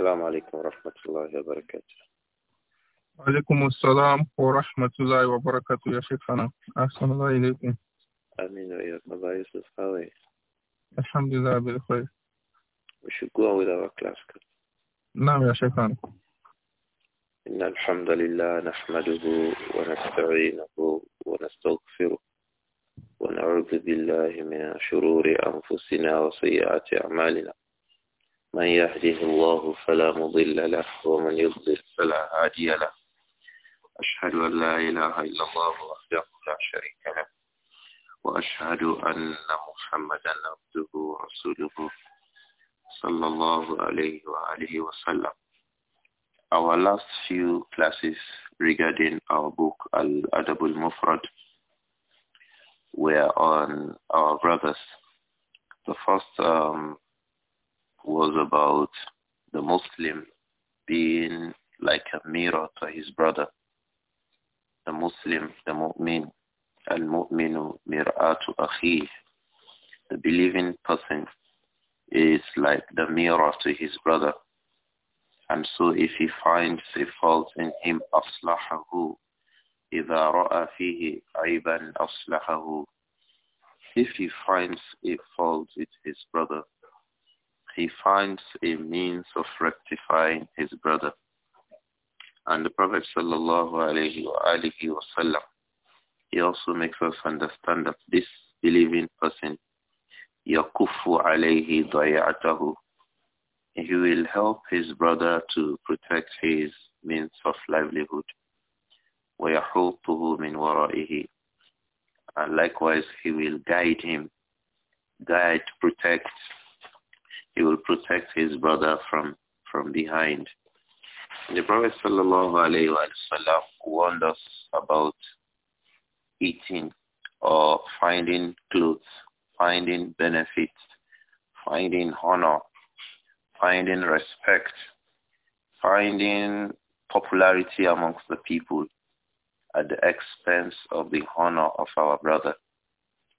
السلام عليكم ورحمة الله وبركاته وعليكم السلام ورحمة الله وبركاته يا شيخنا أحسن الله إليكم آمين وإياكم الله يسلمك How الحمد لله بالخير We إلى go with نعم يا شيخنا إن الحمد لله نحمده ونستعينه ونستغفره ونعوذ بالله من شرور أنفسنا وسيئات أعمالنا من يهده الله فلا مضل له ومن يضلل فلا هادي له أشهد أن لا إله إلا الله وحده لا شريك له وأشهد أن محمدا عبده ورسوله صلى الله عليه وآله وسلم Our last few classes regarding our book Al-Adab al-Mufrad were on our brothers. The first um, was about the Muslim being like a mirror to his brother. The Muslim, the mu'min, al-mu'minu mir'atu akhih. The believing person is like the mirror to his brother. And so if he finds a fault in him, Aslahahu, إذا رأى فيه عيبا أصلحه If he finds a fault with his brother, he finds a means of rectifying his brother. And the Prophet sallallahu he also makes us understand that this believing person, yakufu alayhi dayatahu, he will help his brother to protect his means of livelihood. وَيَحُوطُهُ مِنْ وَرَائِهِ And likewise, he will guide him, guide, protect, he will protect his brother from, from behind. The Prophet sallallahu warned us about eating or finding clothes, finding benefits, finding honor, finding respect, finding popularity amongst the people at the expense of the honor of our brother.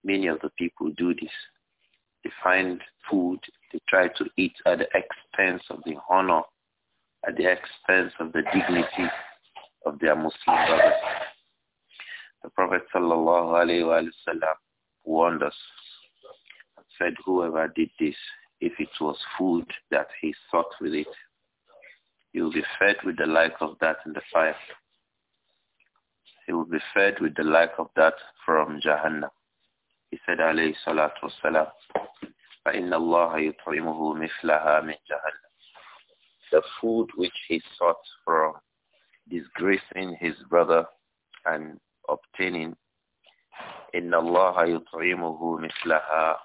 Many of the people do this. They find food. They try to eat at the expense of the honor, at the expense of the dignity of their Muslim brothers. The Prophet sallallahu warned us and said, whoever did this, if it was food that he sought with it, he will be fed with the like of that in the fire. He will be fed with the like of that from Jahannam. He said, alayhi salatu wassalam, فَإِنَّ اللَّهَ يُطْعِمُهُ مِثْلَهَا مِنْ جَهَنَّمَ The food which he sought for disgracing his brother and obtaining إِنَّ اللَّهَ يُطْعِمُهُ مِثْلَهَا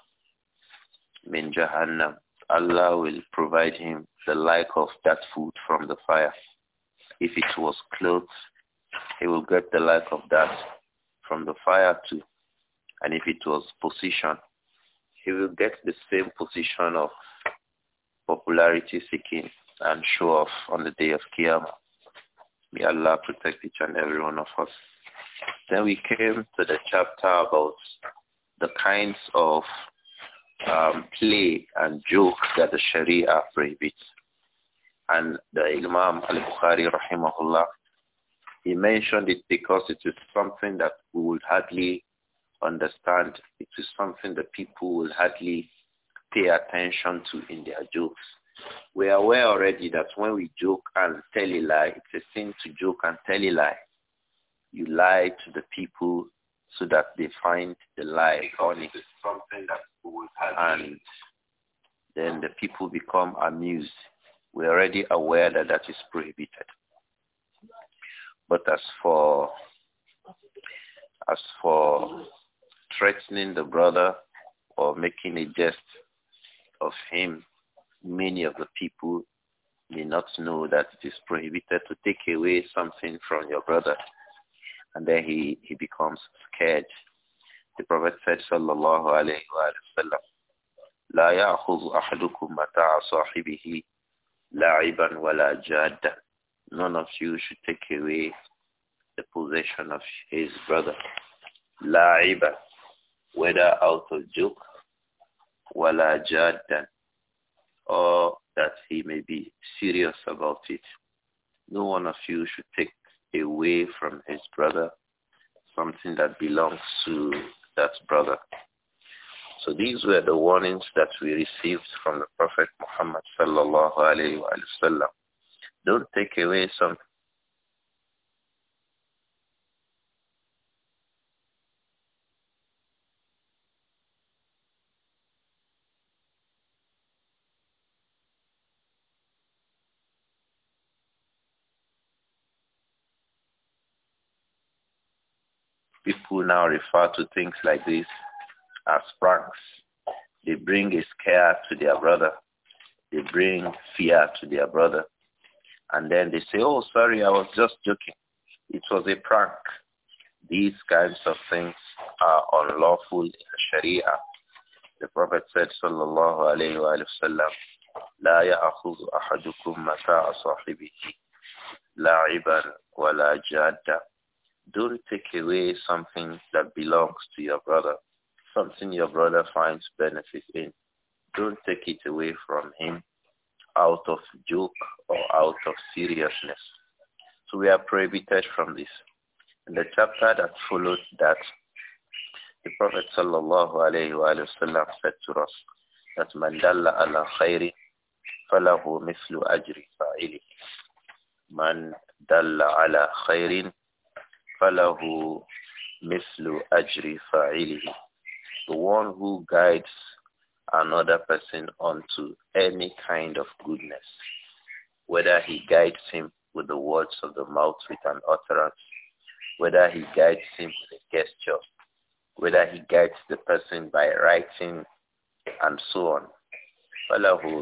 مِنْ جَهَنَّمَ Allah will provide him the like of that food from the fire. If it was clothes, he will get the like of that from the fire too. And if it was position, he will get the same position of popularity seeking and show off on the day of Qiyamah. May Allah protect each and every one of us. Then we came to the chapter about the kinds of um, play and joke that the Sharia prohibits. And the Imam al-Bukhari rahimahullah, he mentioned it because it is something that we would hardly understand. It is something that people will hardly pay attention to in their jokes. We are aware already that when we joke and tell a lie, it's a sin to joke and tell a lie. You lie to the people so that they find the lie on it. And then the people become amused. We're already aware that that is prohibited. But as for as for threatening the brother or making a jest of him, many of the people may not know that it is prohibited to take away something from your brother. And then he, he becomes scared. The Prophet said, Sallallahu Alaihi Wasallam, لا يأخذ أحدكم متاع صاحبه لعبا ولا جادا. None of you should take away the possession of his brother. لعبا whether out of joke, wala jaddan, or that he may be serious about it. No one of you should take away from his brother something that belongs to that brother. So these were the warnings that we received from the Prophet Muhammad sallallahu alaihi wasallam. Don't take away something people now refer to things like this as pranks. They bring a scare to their brother. They bring fear to their brother. And then they say, oh, sorry, I was just joking. It was a prank. These kinds of things are unlawful in Sharia. The Prophet said, sallallahu alayhi wa sallam, لا يأخذ أحدكم متاع صاحبه لاعبا ولا جادا don't take away something that belongs to your brother, something your brother finds benefit in. Don't take it away from him out of joke or out of seriousness. So we are prohibited from this. In the chapter that followed that, the Prophet sallallahu alayhi sallam said to us that man dalla ala khayri falahu mithlu ajri fa'ili. Man dalla ala khayrin فَلَهُ مِثْلُ أَجْرِ فَعِلِهِ The one who guides another person onto any kind of goodness, whether he guides him with the words of the mouth with an utterance, whether he guides him with a gesture, whether he guides the person by writing, and so on. The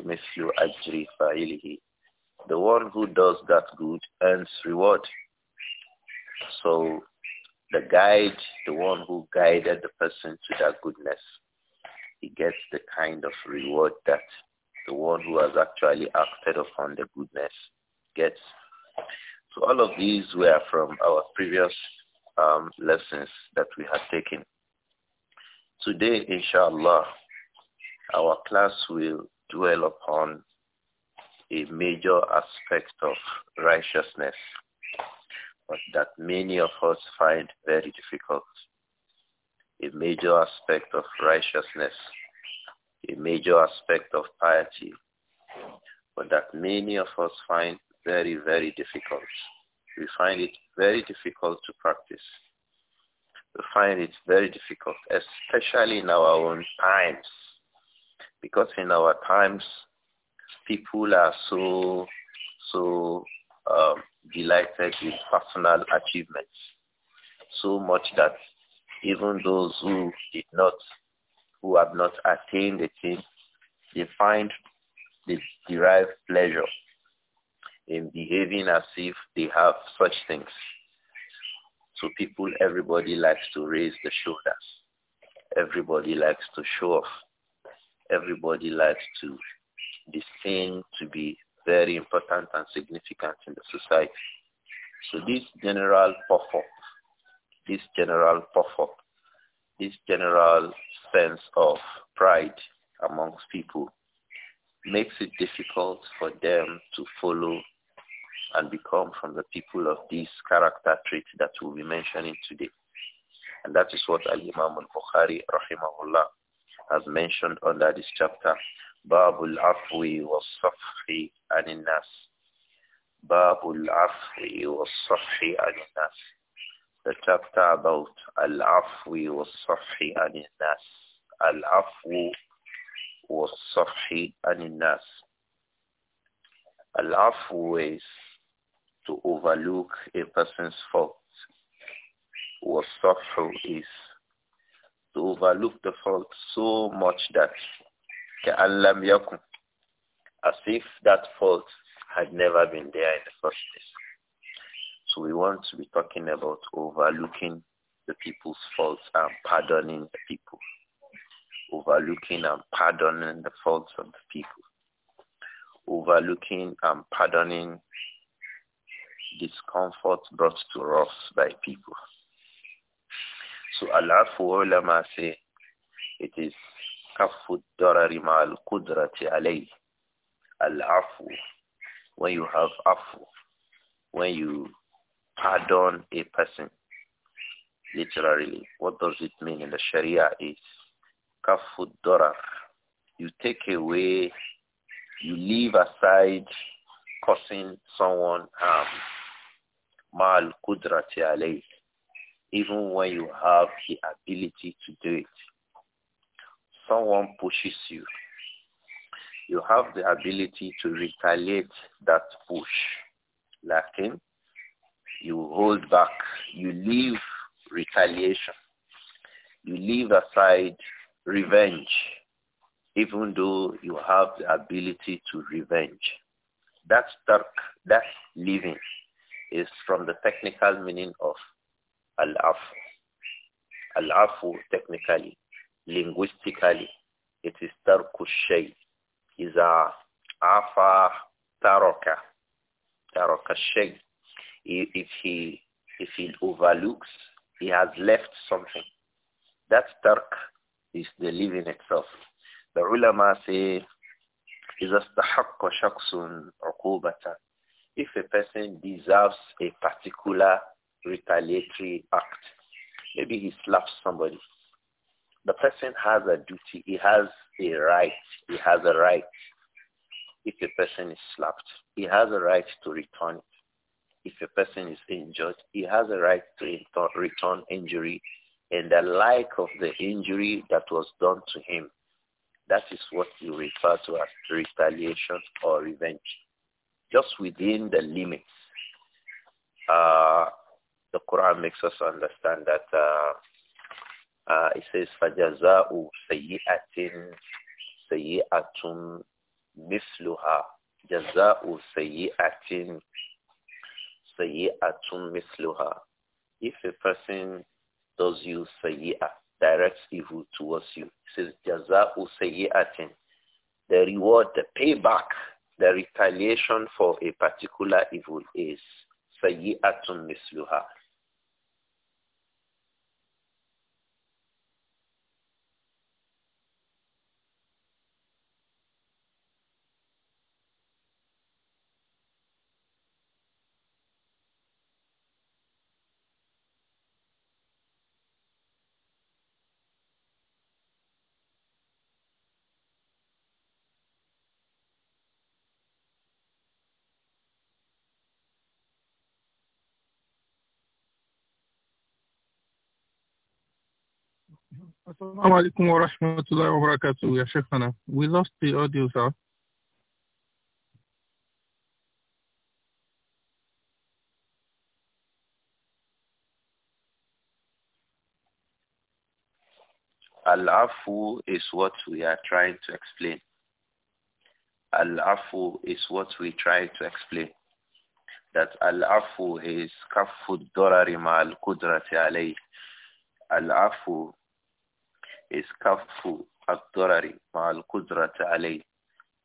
one who does that good earns reward so the guide, the one who guided the person to that goodness, he gets the kind of reward that the one who has actually acted upon the goodness gets. So all of these were from our previous um, lessons that we had taken. Today, inshallah, our class will dwell upon a major aspect of righteousness but that many of us find very difficult. A major aspect of righteousness, a major aspect of piety, but that many of us find very, very difficult. We find it very difficult to practice. We find it very difficult, especially in our own times, because in our times, people are so, so um, delighted with personal achievements so much that even those who did not, who have not attained the thing, they find they derive pleasure in behaving as if they have such things. So people, everybody likes to raise the shoulders. Everybody likes to show off. Everybody likes to be seen to be very important and significant in the society. So this general puff-up, this general puff-up, this general sense of pride amongst people makes it difficult for them to follow and become from the people of these character traits that we'll be mentioning today. And that is what Al-Imam al-Bukhari, rahimahullah, has mentioned under this chapter باب العفو والصفح عن الناس باب العفو والصفح عن الناس The chapter about العفو والصفح عن الناس العفو والصفح عن الناس العفو is to overlook a person's fault والصفح is to overlook the fault so much that كَأَلَّمْ As if that fault had never been there in the first place. So we want to be talking about overlooking the people's faults and pardoning the people. Overlooking and pardoning the faults of the people. Overlooking and pardoning discomfort brought to us by people. So Allah for ulama say it is كف الضرر مع القدرة عليه العفو when you have afu when you pardon a person literally what does it mean in the sharia is kafu dorar you take away you leave aside causing someone harm mal kudrati alayh even when you have the ability to do it someone pushes you, you have the ability to retaliate that push. Lakin, you hold back. You leave retaliation. You leave aside revenge, even though you have the ability to revenge. That stark, that leaving is from the technical meaning of al-afu. Al-afu technically linguistically, it is tarku shay. Is a afa taraka. Taraka shay. If he, if he overlooks, he has left something. That tark is the living itself. The ulama say, إذا استحق or عقوبة if a person deserves a particular retaliatory act. Maybe he slaps somebody. The person has a duty. He has a right. He has a right. If a person is slapped, he has a right to return it. If a person is injured, he has a right to return injury and the like of the injury that was done to him. That is what you refer to as retaliation or revenge, just within the limits. Uh, the Quran makes us understand that uh, uh, it says, فَجَزَاءُ سَيِّئَةٍ سَيِّئَةٌ مِثْلُهَا جَزَاءُ سَيِّئَةٍ سَيِّئَةٌ مِثْلُهَا If a person does you سَيِّئَة, directs evil towards you, it says, جَزَاءُ سَيِّئَةٍ The reward, the payback, the retaliation for a particular evil is سَيِّئَةٌ مِثْلُهَا Assalamu alaikum wa rahmatullahi wa barakatuh, Ya Shaykhana. We lost the audio, sir. Al-afu is what we are trying to explain. Al-afu is what we try to explain. That al-afu is kafud dorari ma al-kudrati alayh. Al-afu is kafu al-darari al-qudrat alayh.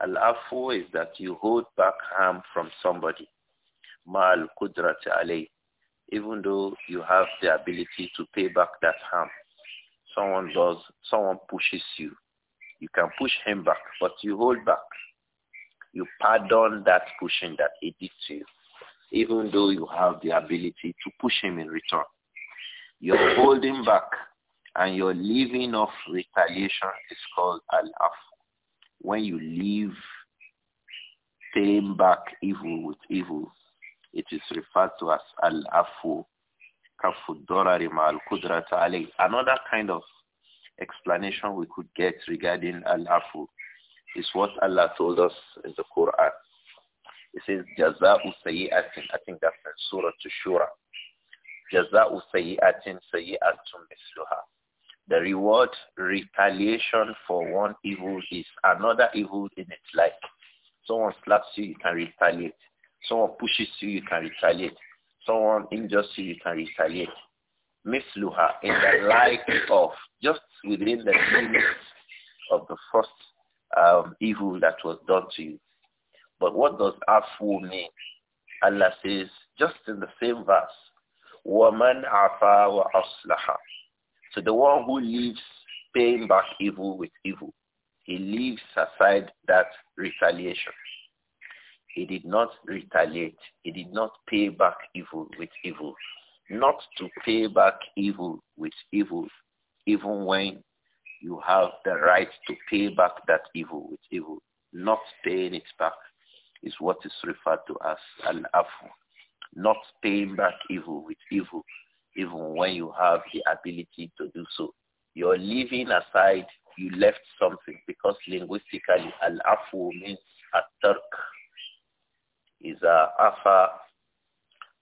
Al-afu is that you hold back harm from somebody. Ma'al qudrat alayh. Even though you have the ability to pay back that harm. Someone does, someone pushes you. You can push him back, but you hold back. You pardon that pushing that he did to you, even though you have the ability to push him in return. You're holding back and your leaving of retaliation is called al-af. When you leave paying back evil with evil, it is referred to as al-afu, Another kind of explanation we could get regarding al-afu is what Allah told us in the Quran. It says, Jaza'u sayyi'atin. I think that's in Surah to Jaza'u sayyi'atin sayyi'atun misluha. The reward, retaliation for one evil is another evil in its like. Someone slaps you, you can retaliate. Someone pushes you, you can retaliate. Someone injures you, you can retaliate. Misluha in the like of, just within the limits of the first um, evil that was done to you. But what does afu mean? Allah says, just in the same verse, وَمَنْ عَفَى وَأَصْلَحَ so the one who leaves paying back evil with evil, he leaves aside that retaliation. He did not retaliate. He did not pay back evil with evil. Not to pay back evil with evil, even when you have the right to pay back that evil with evil. Not paying it back is what is referred to as an afu. Not paying back evil with evil even when you have the ability to do so. You're leaving aside, you left something because linguistically, al-afu means Turk is Iza uh, afa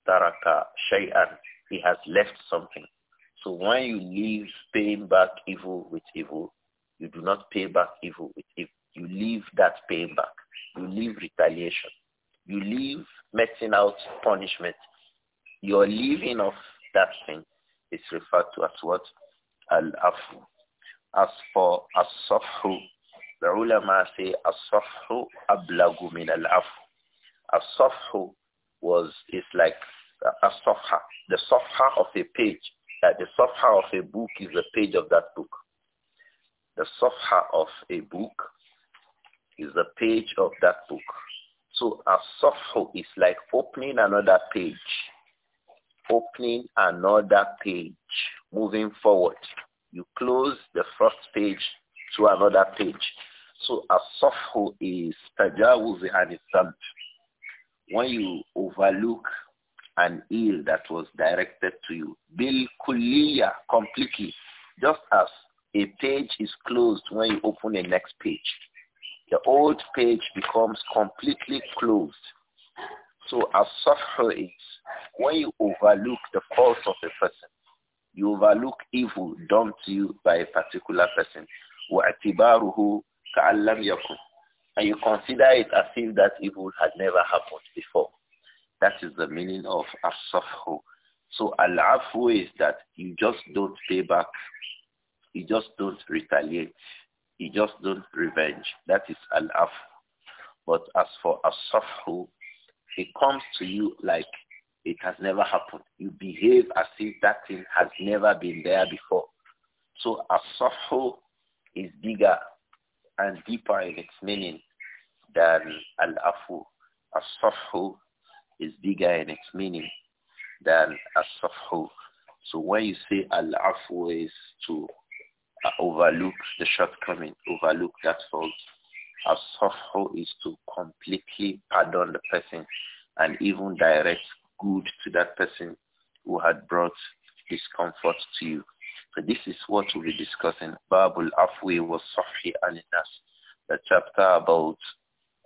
taraka shay'an. He has left something. So when you leave paying back evil with evil, you do not pay back evil with evil. You leave that paying back. You leave retaliation. You leave meting out punishment. Your leaving of that thing is referred to as what? Al-afu. As for as-safhu, the ulama say as-safhu ablagu min al-afu. As-safhu was, is like as safha, the safha of a page. That the safha of a book is the page of that book. The safha of a book is the page of that book. So a safhu is like opening another page opening another page, moving forward. You close the first page to another page. So a sofhu is tajawuz and When you overlook an ill that was directed to you, bil kulliya completely, just as a page is closed when you open the next page. The old page becomes completely closed. So a sofhu is when you overlook the faults of a person, you overlook evil done to you by a particular person. And you consider it as if that evil had never happened before. That is the meaning of as So al-afu is that you just don't pay back. You just don't retaliate. You just don't revenge. That is al-afu. But as for as it comes to you like it has never happened. You behave as if that thing has never been there before. So soft sahu is bigger and deeper in its meaning than al-afu. soft sahu is bigger in its meaning than as-sahu. So when you say al-afu is to uh, overlook the shortcoming, overlook that fault. soft sahu is to completely pardon the person and even direct good to that person who had brought discomfort to you. So this is what we'll be discussing. Babul Afwi was Sahih Alinas, the chapter about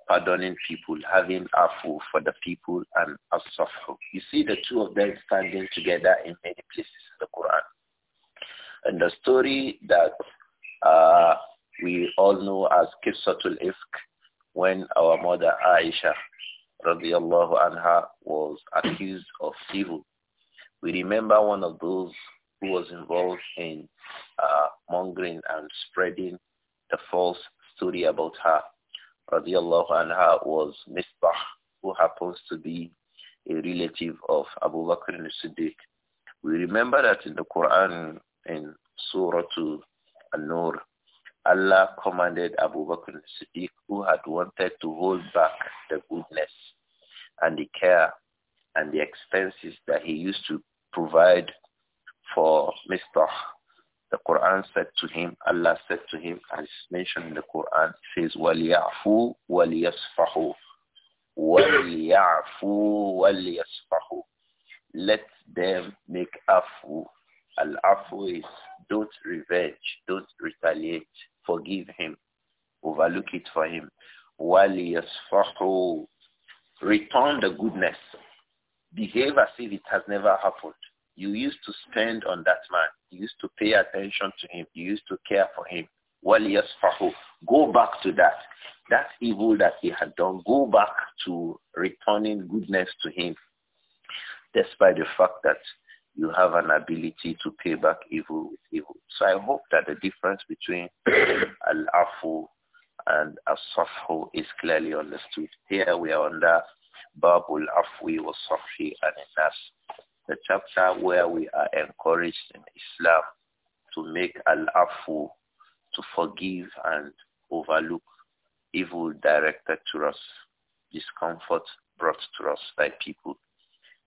pardoning people, having afu for the people and asafu. You see the two of them standing together in many places in the Quran. And the story that uh, we all know as Kisatul Ifk, when our mother Aisha radiallahu anha was accused of evil. We remember one of those who was involved in uh, mongering and spreading the false story about her. Radiallahu anha was Misbah, who happens to be a relative of Abu Bakr al-Siddiq. We remember that in the Quran in Surah An-Nur, Allah commanded Abu Bakr Siddiq, who had wanted to hold back the goodness and the care and the expenses that he used to provide for Mr. The Quran said to him, Allah said to him, as mentioned in the Quran, it says, وَلْيَعْفُوا وَلْيَصْفَحُوا وَلْيَعْفُوا وَلْيَصْفَحُوا Let them make afu. Al-afu is don't revenge, don't retaliate Forgive him. Overlook it for him. وَلِيَصْفَحُوا Return the goodness. Behave as if it has never happened. You used to spend on that man. You used to pay attention to him. You used to care for him. وَلِيَصْفَحُوا Go back to that. That evil that he had done, go back to returning goodness to him. Despite the fact that you have an ability to pay back evil with evil. So I hope that the difference between al-afu and as is clearly understood. Here we are under Babul Afwi wa Safhi and Nas, the chapter where we are encouraged in Islam to make al-afu, to forgive and overlook evil directed to us, discomfort brought to us by people,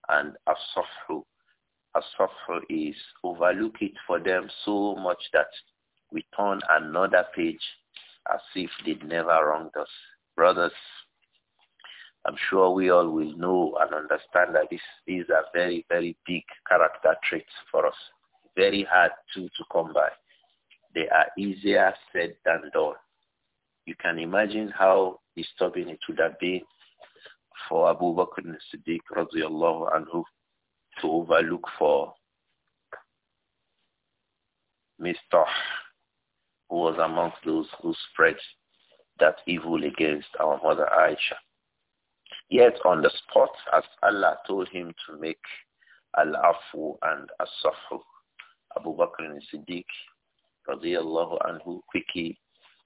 and as as is overlook it for them so much that we turn another page as if they'd never wronged us. Brothers, I'm sure we all will know and understand that this, these are very, very big character traits for us. Very hard to, to come by. They are easier said than done. You can imagine how disturbing it would have been for Abu Bakr and Siddiq radiallahu anhu to overlook for Mr. who was amongst those who spread that evil against our mother Aisha. Yet on the spot, as Allah told him to make al-afu and as-safu, Abu Bakr and Siddiq, radiallahu anhu, quickly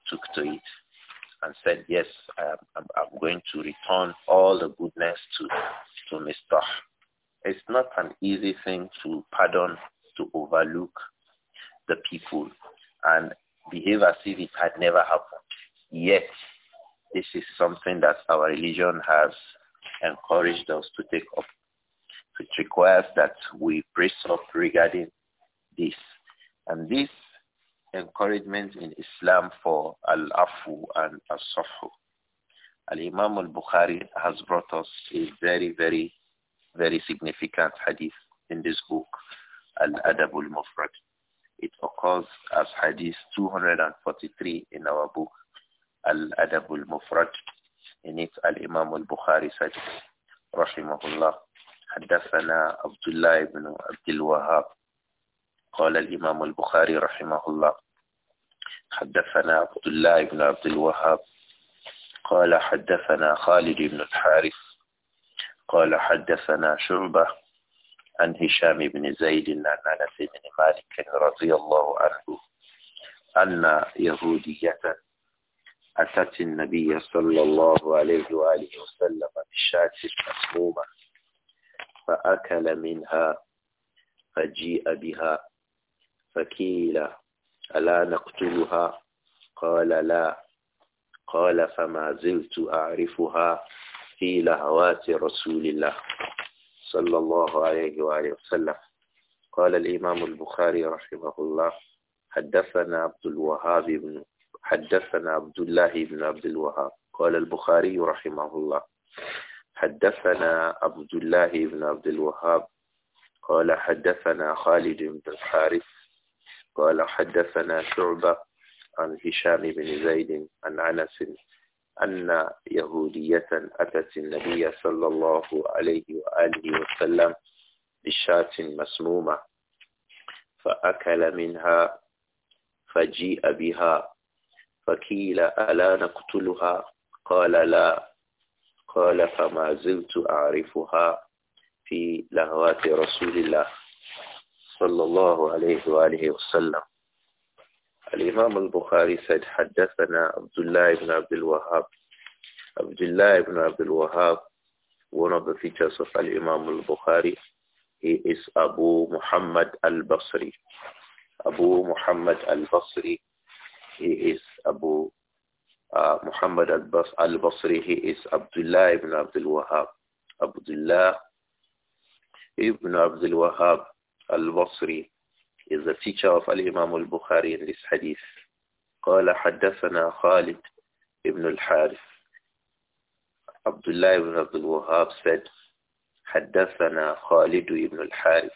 took to it and said, yes, I am, I'm, I'm going to return all the goodness to, to Mr not an easy thing to pardon, to overlook the people and behave as if it had never happened. Yet, this is something that our religion has encouraged us to take up. It requires that we brace up regarding this. And this encouragement in Islam for al-afu and al-safu. Al-Imam al-Bukhari has brought us a very, very very significant hadith in this book, Al-Adabul Mufrad. It occurs as hadith 243 in our book, Al-Adabul Mufrad. In it, Al-Imam al-Bukhari said, Rahimahullah, حدثنا عبد الله بن عبد الوهاب قال الإمام البخاري رحمه الله حدثنا عبد الله بن عبد الوهاب قال حدثنا خالد بن الحارث قال حدثنا شعبة عن هشام بن زيد عن أنس بن مالك رضي الله عنه أن يهودية أتت النبي صلى الله عليه وآله وسلم بشاة مسمومة فأكل منها فجيء بها فكيل ألا نقتلها قال لا قال فما زلت أعرفها في لهوات رسول الله صلى الله عليه وآله وسلم قال الإمام البخاري رحمه الله حدثنا عبد الوهاب بن حدثنا عبد الله بن عبد الوهاب قال البخاري رحمه الله حدثنا عبد الله بن عبد الوهاب قال حدثنا خالد بن الحارث قال حدثنا شعبة عن هشام بن زيد عن أنس أن يهودية أتت النبي صلى الله عليه وآله وسلم بشاة مسمومة فأكل منها فجيء بها فقيل ألا نقتلها قال لا قال فما زلت أعرفها في لهوات رسول الله صلى الله عليه وآله وسلم al البخاري said حدثنا عبد الله بن عبد الوهاب عبد الله Abdul عبد الوهاب one of the features of Al-Imam al-Bukhari he is Abu Muhammad al-Basri Abu Muhammad al-Basri he is Abu uh, Muhammad al-Basri he is Abdullah ibn Abdul Wahab Abdullah ibn Abdul Wahab al-Basri is the teacher of Al-Imam al-Bukhari in this hadith. قال حدثنا خالد ibn al-Harith. Abdullah ibn Abdul Wahab said, حدثنا خالد ibn al-Harith.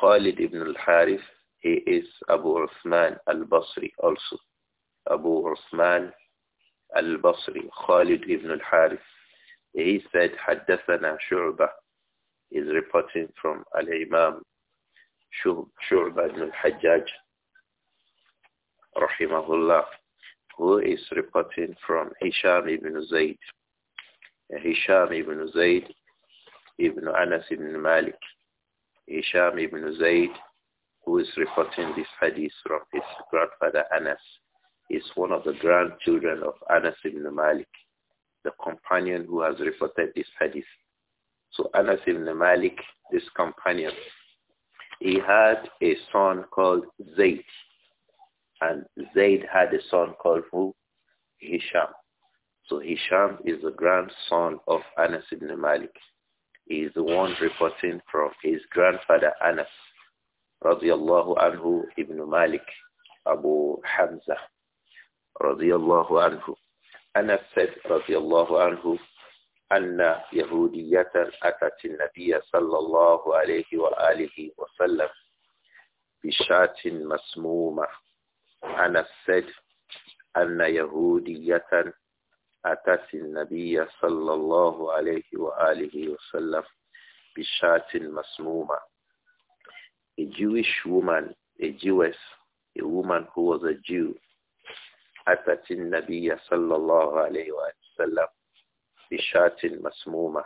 Khalid ibn al-Harith, he is Abu Uthman al-Basri also. Abu Uthman al-Basri, Khalid ibn al-Harith. He said, حدثنا شعبة is reporting from Al-Imam Sure ibn al-Hajjaj, rahimahullah, who is reporting from Hisham ibn Zayd. Hisham ibn Zayd ibn Anas ibn Malik. Hisham ibn Zayd, who is reporting this hadith from his grandfather Anas, is one of the grandchildren of Anas ibn Malik, the companion who has reported this hadith. So Anas ibn Malik, this companion, he had a son called Zaid, And Zaid had a son called who? Hisham. So Hisham is the grandson of Anas ibn Malik. He is the one reporting from his grandfather Anas, radiallahu anhu ibn Malik, Abu Hamza, radiallahu anhu. Anas said, radiallahu anhu, أن يهودية أتت النبي صلى الله عليه وآله وسلم بشاة مسمومة أنا said أن يهودية أتت النبي صلى الله عليه وآله وسلم بشاة مسمومة A Jewish woman, a Jewess, a woman who was a Jew, أتت النبي صلى الله عليه وآله وسلم bishatin masmuma.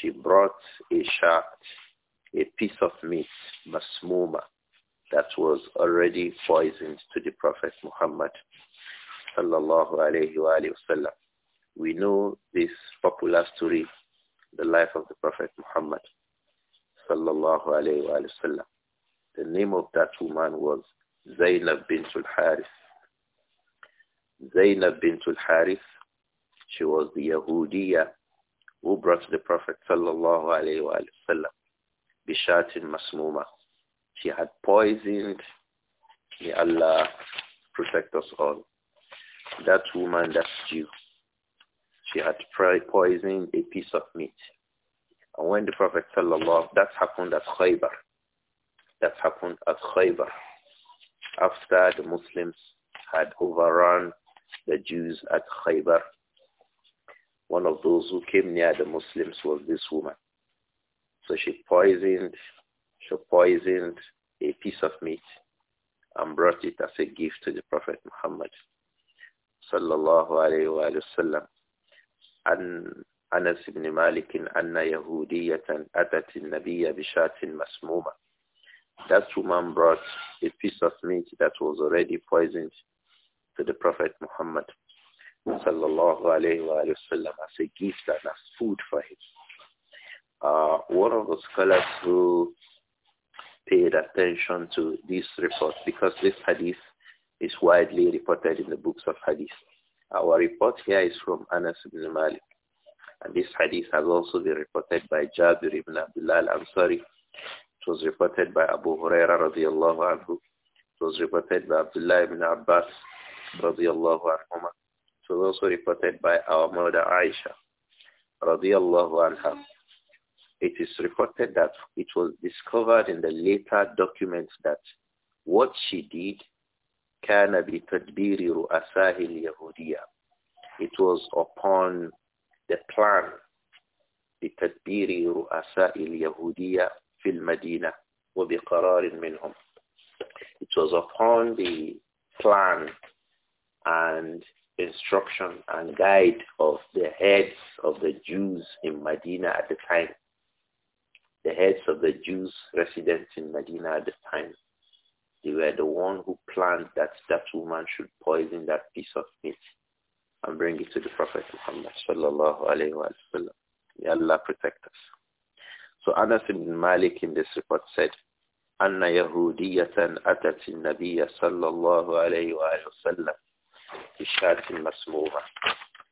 She brought a shat, a piece of meat, masmuma, that was already poisoned to the Prophet Muhammad sallallahu alayhi wa sallam. We know this popular story, the life of the Prophet Muhammad sallallahu alayhi wa sallam. The name of that woman was Zainab bint al-Harith. Zainab bint al-Harith she was the Yahudiya who brought the Prophet sallallahu alayhi wasallam bishatin masmuma. She had poisoned. May Allah protect us all. That woman, that Jew, she had poisoned a piece of meat. And when the Prophet sallallahu that happened at Khaybar. That happened at Khaybar. After the Muslims had overrun the Jews at Khaybar, one of those who came near the Muslims was this woman. So she poisoned, she poisoned a piece of meat and brought it as a gift to the Prophet Muhammad sallallahu alayhi wa sallam. And أنس بن مالك أن يهودية أتت النبي بشاة مسمومة. That woman brought a piece of meat that was already poisoned to the Prophet Muhammad sallallahu alayhi wa sallam as a gift and as food for him. Uh, one of the scholars who paid attention to this report, because this hadith is widely reported in the books of hadith. Our report here is from Anas ibn Malik. And this hadith has also been reported by Jabir ibn Abdullah al-Ansari. It was reported by Abu Huraira radiallahu anhu. It was reported by Abdullah ibn Abbas radiallahu anhu) was also reported by our mother Aisha, radiallahu anha. It is reported that it was discovered in the later documents that what she did كان بتدبير رؤساء اليهودية. It was upon the plan بتدبير رؤساء اليهودية في المدينة وبقرار منهم. It was upon the plan and instruction and guide of the heads of the Jews in Medina at the time. The heads of the Jews residents in Medina at the time. They were the one who planned that that woman should poison that piece of meat and bring it to the Prophet Muhammad sallallahu alayhi wa sallam. May Allah protect us. So Anas ibn Malik in this report said, أن يهودية أتت النبي صلى الله عليه وآله وسلم shatin masmova.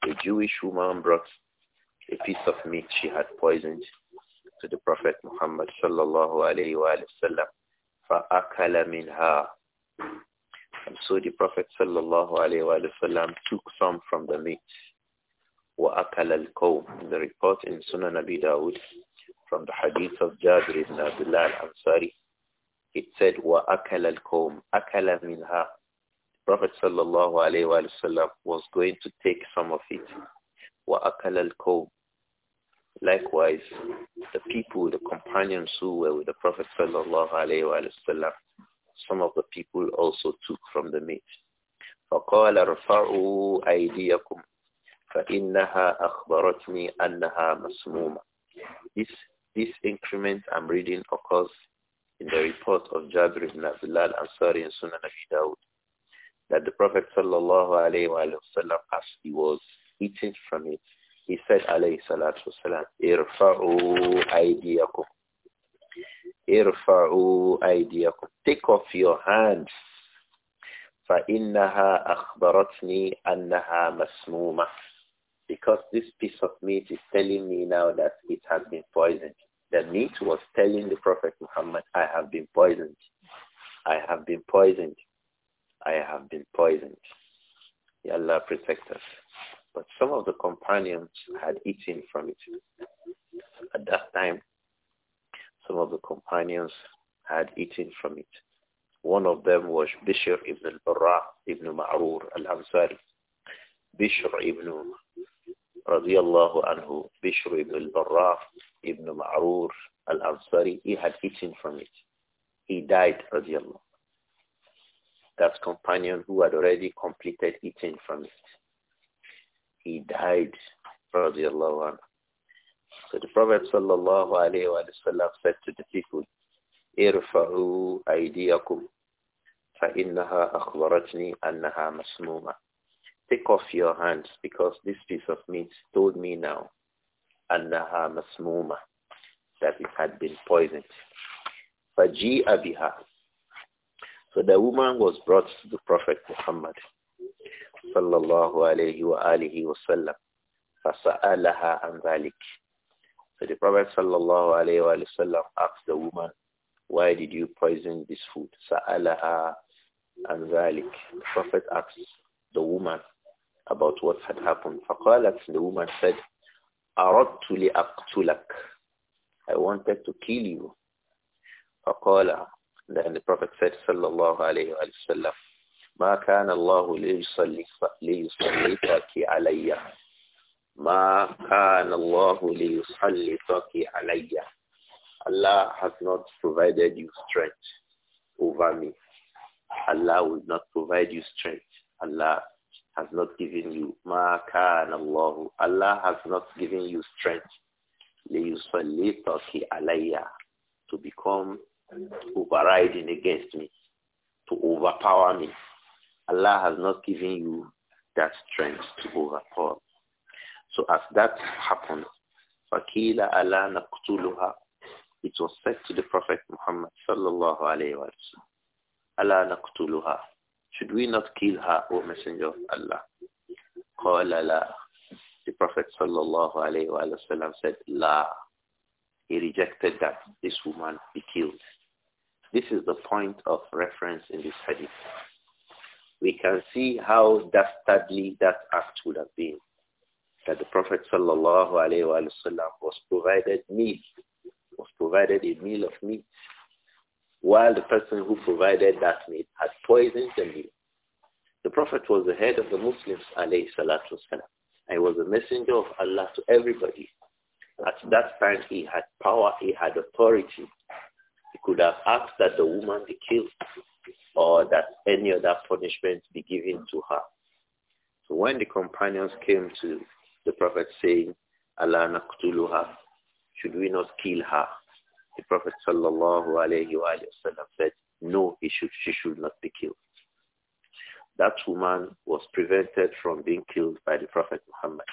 A Jewish woman brought a piece of meat she had poisoned to the Prophet Muhammad sallallahu alayhi wa sallam. فَأَكَلَ مِنْهَا And so the Prophet sallallahu alayhi wa sallam took some from the meat. وَأَكَلَ الْقَوْمِ The report in Sunan Abi Dawud from the hadith of Jabir ibn Abdullah al-Ansari. It said, وَأَكَلَ الْقَوْمِ أَكَلَ مِنْهَا Prophet sallallahu alayhi wa sallam was going to take some of it. وَأَكَلَ الْكَوْمِ Likewise, the people, the companions who were with the Prophet sallallahu alayhi wa sallam, some of the people also took from the meat. فَقَالَ رَفَعُوا أَيْدِيَكُمْ فَإِنَّهَا أَخْبَرَتْنِي أَنَّهَا مَسْمُومَةً This, this increment I'm reading occurs in the report of Jabir ibn Abdullah ansari in Sunan Abi Dawud that the Prophet sallallahu alaihi wasallam sallam, as he was eating from it, he said alayhi salatu wasalam, irfa'u aydiyakum. Irfa'u aydiyakum. Take off your hands. فَإِنَّهَا أَخْبَرَتْنِي أَنَّهَا مَسْمُومَةٌ Because this piece of meat is telling me now that it has been poisoned. The meat was telling the Prophet Muhammad, I have been poisoned. I have been poisoned. I have been poisoned. Ya Allah protect us. But some of the companions had eaten from it. At that time, some of the companions had eaten from it. One of them was Bishr ibn al-Barra ibn Ma'rur al-Ansari. Bishr ibn radiallahu anhu, Bishr ibn al-Barra ibn Ma'rur al-Ansari, he had eaten from it. He died radiallahu that companion who had already completed eating from it. He died, radiallahu anhu. So the Prophet sallallahu alayhi wa sallam said to the people, ارفعوا أيديكم فإنها أخبرتني أنها masmuma." Take off your hands because this piece of meat told me now أنها masmuma," that it had been poisoned. فجيء بها so the woman was brought to the Prophet Muhammad sallallahu alayhi wa alihi wa sallam. فَسَأَلَهَا عَنْ ذَلِكِ So the Prophet sallallahu alayhi wa sallam asked the woman, why did you poison this food? سَأَلَهَا عَنْ ذَلِكِ The Prophet asked the woman about what had happened. فَقَالَتْ The woman said, أَرَدْتُ لِأَقْتُلَكَ I wanted to kill you. فَقَالَ then the Prophet said, sallallahu alayhi wa sallam, ما كان الله alayya." "Ma kana Allahu الله ليسلطك علي Allah has not provided you strength over me. Allah will not provide you strength. Allah has not given you ma kana Allahu. Allah has not given you strength. ليسلطك alayya to become overriding against me, to overpower me. Allah has not given you that strength to overpower. So as that happened, Fakila Allah naqtuluha, it was said to the Prophet Muhammad sallallahu alayhi wa Allah naqtuluha, should we not kill her, O Messenger of Allah? Qala la. The Prophet sallallahu alayhi wa sallam said, la. He rejected that this woman be killed. This is the point of reference in this hadith. We can see how dastardly that act would have been. That the Prophet sallallahu was provided meat, was provided a meal of meat, while the person who provided that meat had poisoned the meal. The Prophet was the head of the Muslims alayhi salatu wasalam. I was a messenger of Allah to everybody. At that time, he had power, he had authority. He could have asked that the woman be killed or that any other punishment be given to her. So when the companions came to the Prophet saying, Allah naqtuluha, should we not kill her? The Prophet sallallahu alayhi wa said, no, he should, she should not be killed. That woman was prevented from being killed by the Prophet Muhammad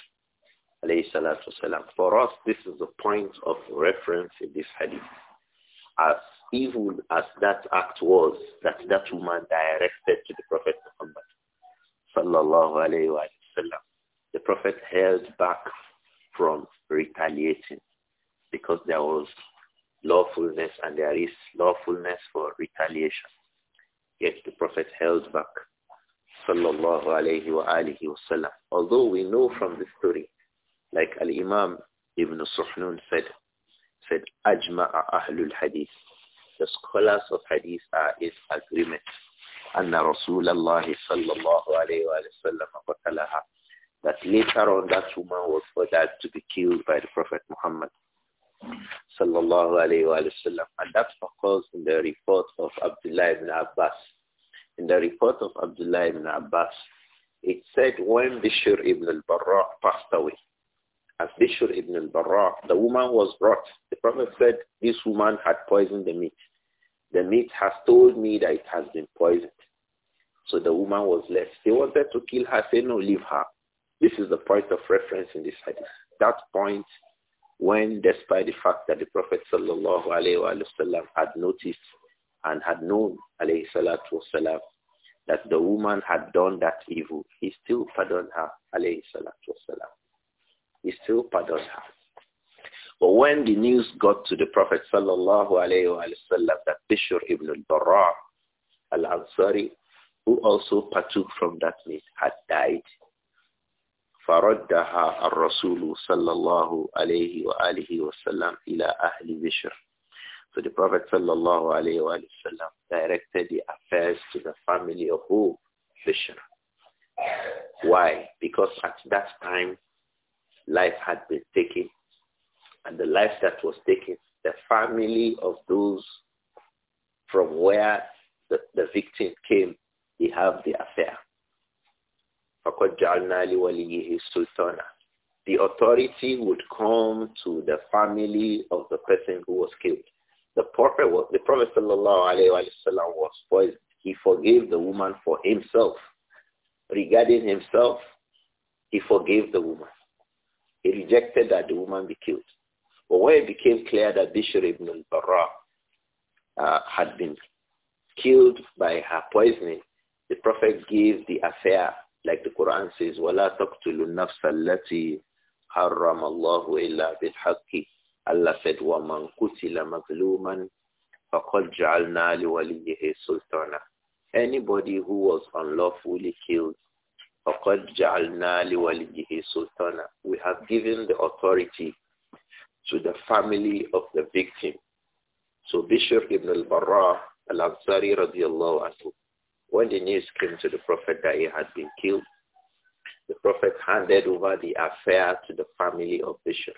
alayhi salatu For us, this is the point of reference in this hadith as evil as that act was that that woman directed to the Prophet Muhammad sallallahu alayhi wa the Prophet held back from retaliating because there was lawfulness and there is lawfulness for retaliation. Yet the Prophet held back sallallahu alayhi wa alihi wasallam. Although we know from the story, like Al-Imam Ibn Suhnun said, said, Ajma'a Ahlul Hadith. The scholars of Hadith are in agreement. أن رسول الله صلى الله عليه وسلم That later on that woman was ordered to be killed by the Prophet Muhammad صلى الله عليه وسلم. And that occurs in the report of Abdullah ibn Abbas. In the report of Abdullah ibn Abbas, it said when Bishr ibn al-Barra passed away, as Bishr ibn al-Barra, the woman was brought. The Prophet said, this woman had poisoned the meat. The meat has told me that it has been poisoned. So the woman was left. They wanted to kill her, say, no, leave her. This is the point of reference in this hadith. That point when, despite the fact that the Prophet sallallahu wasallam had noticed and had known wasallam, that the woman had done that evil, he still pardoned her wasallam he still pardons her. But when the news got to the Prophet sallallahu alayhi that Bishr ibn al-Barra al-Ansari, who also partook from that meat, had died, فردها الرسول صلى الله عليه وآله وسلم إلى أهل بشر. So the Prophet صلى الله directed the affairs to the family of who? Bishra. Why? Because at that time life had been taken and the life that was taken, the family of those from where the, the victim came, they have the affair. The authority would come to the family of the person who was killed. The Prophet was the Prophet sallallahu was poisoned. He forgave the woman for himself. Regarding himself, he forgave the woman. He rejected that the woman be killed. But when it became clear that Bishr ibn al-Barra uh, had been killed by her poisoning, the Prophet gave the affair, like the Quran says, وَلَا تَقْتُلُ النَّفْسَ الَّتِي حَرَّمَ اللَّهُ إِلَّا بِالْحَقِّ Allah said, وَمَنْ قُتِلَ مَظْلُومًا فَقَدْ جَعَلْنَا لِوَلِيِّهِ سُلْطَانًا Anybody who was unlawfully killed فَقَدْ جَعَلْنَا لِوَلِيِّهِ سُلْطَانًا We have given the authority to the family of the victim. So Bishr ibn al-Barra al-Ansari radiallahu anhu, when the news came to the Prophet that he had been killed, the Prophet handed over the affair to the family of Bishr.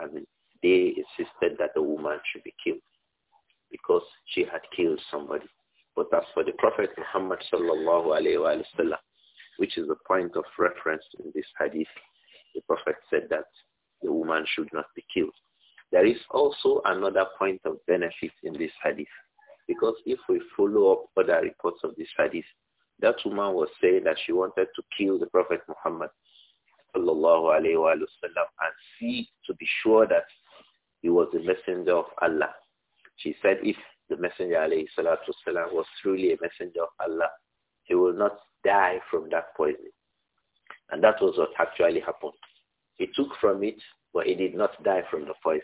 And they insisted that the woman should be killed because she had killed somebody. But as for the Prophet Muhammad sallallahu alayhi wa sallam, which is the point of reference in this hadith. The Prophet said that the woman should not be killed. There is also another point of benefit in this hadith because if we follow up other reports of this hadith, that woman was saying that she wanted to kill the Prophet Muhammad sallallahu alayhi wa and see to be sure that he was the messenger of Allah. She said if the messenger alayhi was truly a messenger of Allah, he will not die from that poison. And that was what actually happened. He took from it, but he did not die from the poison.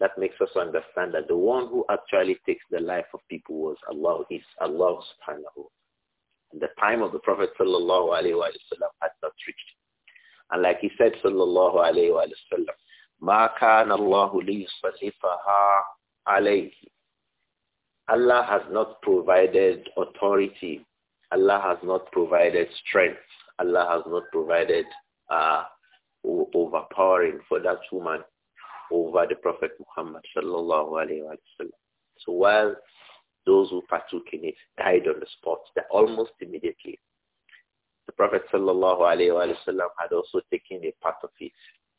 That makes us understand that the one who actually takes the life of people was Allah, is Allah subhanahu. And the time of the Prophet sallallahu alayhi wa sallam had not reached. And like he said sallallahu alayhi wa sallam, ما كان الله ليصرفها عليه. Allah has not provided authority Allah has not provided strength. Allah has not provided uh, overpowering for that woman over the Prophet Muhammad sallallahu alaihi So while those who partook in it died on the spot, that almost immediately. The Prophet sallallahu alaihi had also taken a part of it,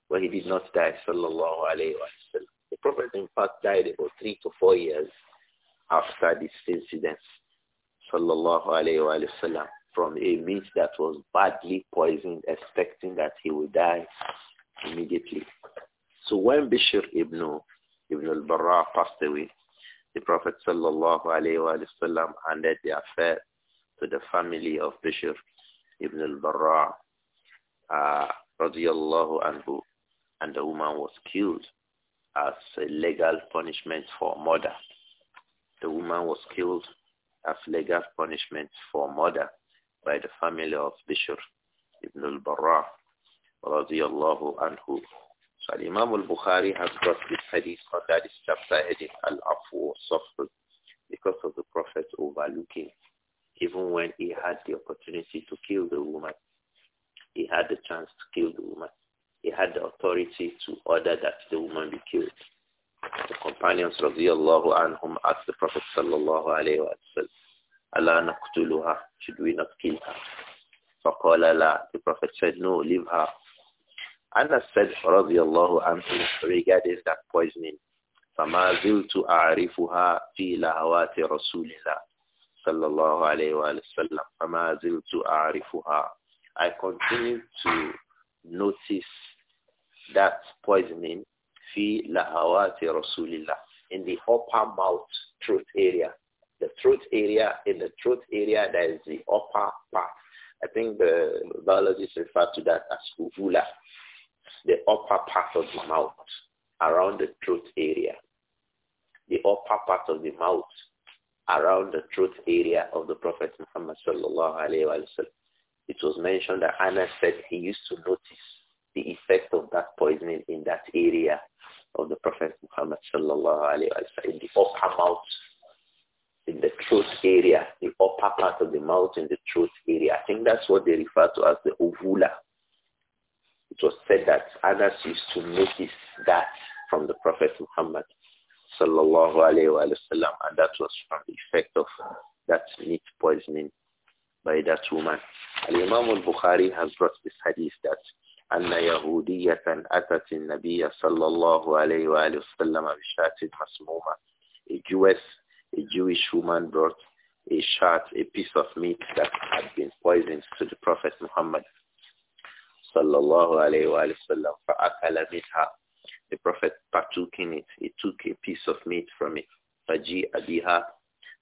but he did not die sallallahu alaihi The Prophet in fact died about three to four years after this incident sallallahu alayhi wa from a meat that was badly poisoned, expecting that he would die immediately. So when Bishr ibn, ibn al-Barra passed away, the Prophet sallallahu alayhi wa handed the affair to the family of Bishr ibn al-Barra uh, radiallahu anhu and the woman was killed as a legal punishment for murder. The woman was killed as legal punishment for murder by the family of Bishr ibn al-Barra anhu. So al Imam al-Bukhari has brought this hadith under that is chapter heading Al-Afu Safr because of the Prophet overlooking even when he had the opportunity to kill the woman. He had the chance to kill the woman. He had the authority to order that the woman be killed. The companions radiallahu anhum asked the Prophet sallallahu alayhi wa sallam, أَلَا نَقْتُلُهَا Should we not kill her? فَقَالَ لَا The Prophet said, no, leave her. Anas said رضي الله anhu regarding that poisoning, فَمَا زِلْتُ أَعْرِفُهَا فِي لَهَوَاتِ رَسُولِ اللَّهِ صلى الله عليه وسلم فما زلت أعرفها I continue to notice that poisoning fi lahawati rasulillah in the upper mouth throat area. The throat area, in the throat area, there is the upper part. I think the biologists refer to that as uvula, the upper part of the mouth around the throat area. The upper part of the mouth around the throat area of the Prophet Muhammad sallallahu alayhi wa It was mentioned that Anas said he used to notice the effect of that poisoning in that area of the Prophet Muhammad sallallahu alaihi wasallam in the upper mouth, in the truth area, the upper part of the mouth in the truth area. I think that's what they refer to as the ovula. It was said that others used to notice that from the Prophet Muhammad sallallahu alaihi wasallam, and that was from the effect of that meat poisoning by that woman. Al-Imam al-Bukhari has brought this hadith that أن يهودية أتت النبي صلى الله عليه وآله وسلم بشاة مسمومة. A Jewess, a Jewish woman brought a shot, a piece of meat that had been poisoned to the Prophet Muhammad صلى الله عليه وآله وسلم فأكل منها. The Prophet partook in it. He took a piece of meat from it. فجيء بها.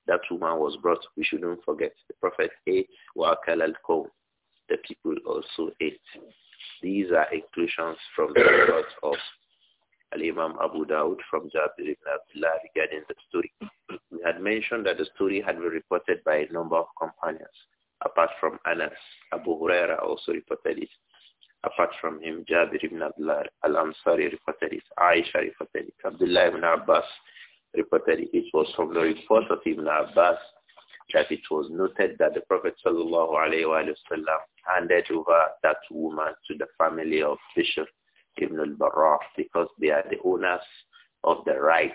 That woman was brought. We shouldn't forget. The Prophet ate. وأكل القوم. The people also ate. These are inclusions from the records of Al-Imam Abu Dawud from Jabir ibn Abdullah regarding the story. We had mentioned that the story had been reported by a number of companions. Apart from Anas, Abu Huraira also reported it. Apart from him, Jabir ibn Abdullah al-Ansari reported it. Aisha reported it. Abdullah ibn Abbas reported it. It was from the report of Ibn Abbas that it was noted that the Prophet sallallahu alayhi wa sallam handed over that woman to the family of Bishop Ibn al-Barrah because they are the owners of the rights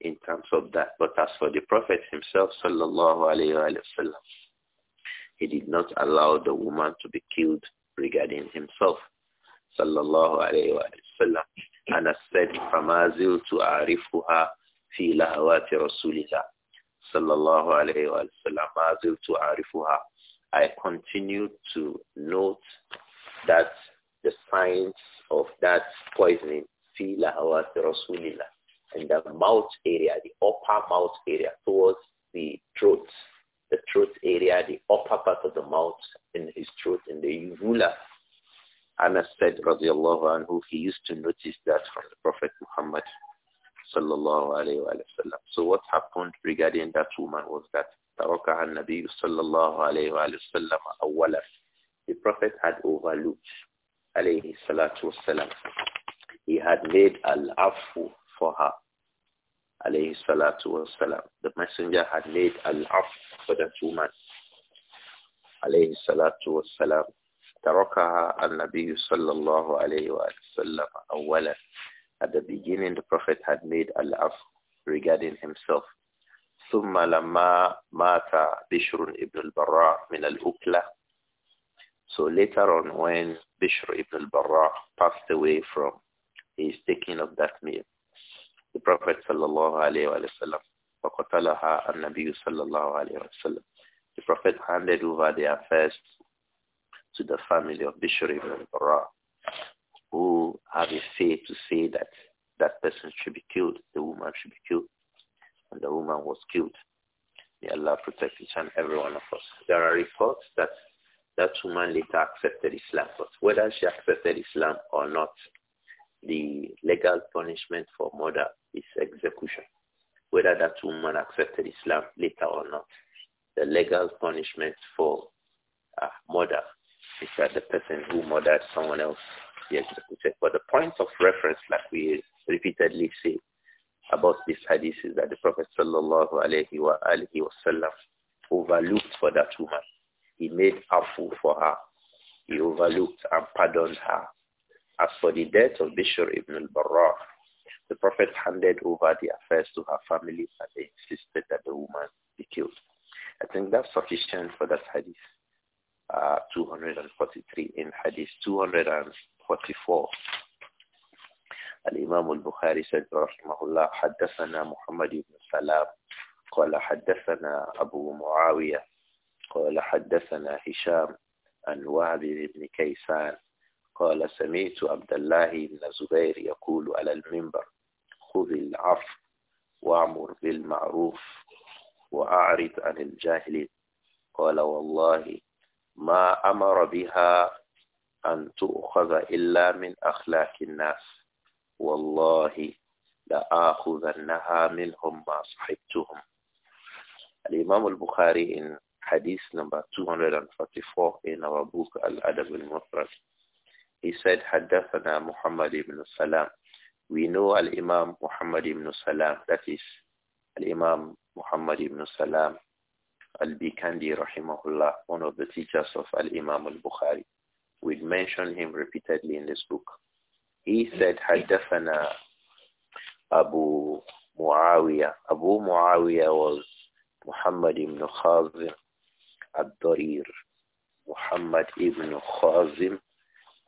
in terms of that. But as for the Prophet himself, sallallahu alayhi wa sallam, he did not allow the woman to be killed regarding himself, sallallahu alayhi wa sallam. And as said, فَمَازِلْ تُعَرِفُهَا فِي لَهَوَاتِ رَسُولِهَا sallallahu alayhi wa sallam, مَازِلْ تُعَرِفُهَا I continue to note that the signs of that poisoning feel out Rasulillah in the mouth area, the upper mouth area towards the throat, the throat area, the upper part of the mouth in his throat, in the uvula. Anas said, radiallahu anhu, he used to notice that from the Prophet Muhammad sallallahu alayhi wa So what happened regarding that woman was that ركع النبي صلى الله عليه وآله وسلم أولا the Prophet had overlooked عليه salatu wasalam he had made al-afu for her عليه salatu wasalam the messenger had made al-afu for that woman عليه salatu wasalam تركها النبي صلى الله عليه وآله وسلم أولا At the beginning, the Prophet had made al-af regarding himself. ثم لما مات بشر So later on when Bishr ibn al-Barra passed away from his taking of that meal, the Prophet sallallahu alayhi wa sallam وقتلها النبي The Prophet handed over the affairs to the family of Bishr ibn al-Barra who had a say to say that that person should be killed, the woman should be killed and the woman was killed. May Allah protect each and every one of us. There are reports that that woman later accepted Islam, but whether she accepted Islam or not, the legal punishment for murder is execution. Whether that woman accepted Islam later or not, the legal punishment for uh, murder is that the person who murdered someone else is executed. But the point of reference, like we repeatedly say, about this hadith is that the Prophet sallallahu alayhi wa alihi wasallam overlooked for that woman. He made afu for her. He overlooked and pardoned her. As for the death of Bishr ibn al-Barrah, the Prophet handed over the affairs to her family and they insisted that the woman be killed. I think that's sufficient for that hadith. Uh, 243 in hadith 244. الإمام البخاري سيد رحمه الله حدثنا محمد بن سلام قال حدثنا أبو معاوية قال حدثنا هشام عن وهب بن كيسان قال سمعت عبد الله بن زبير يقول على المنبر خذ العفو وأمر بالمعروف وأعرض عن الجاهل قال والله ما أمر بها أن تؤخذ إلا من أخلاق الناس Wallahi, لآخذنها منهم ما صحبتهم. Imam al-Bukhari in hadith number 244 in our book Al-Adab al-Mufrad. He said, Haddathana Muhammad ibn Salam. We know Al-Imam Muhammad ibn Salam, that is Al-Imam Muhammad ibn Salam Al-Bikandi rahimahullah, one of the teachers of Al-Imam al-Bukhari. we mention him repeatedly in this book. He said, Haddathana Abu Muawiyah. Abu Muawiyah was Muhammad ibn Khazim al-Darir. Muhammad ibn Khazim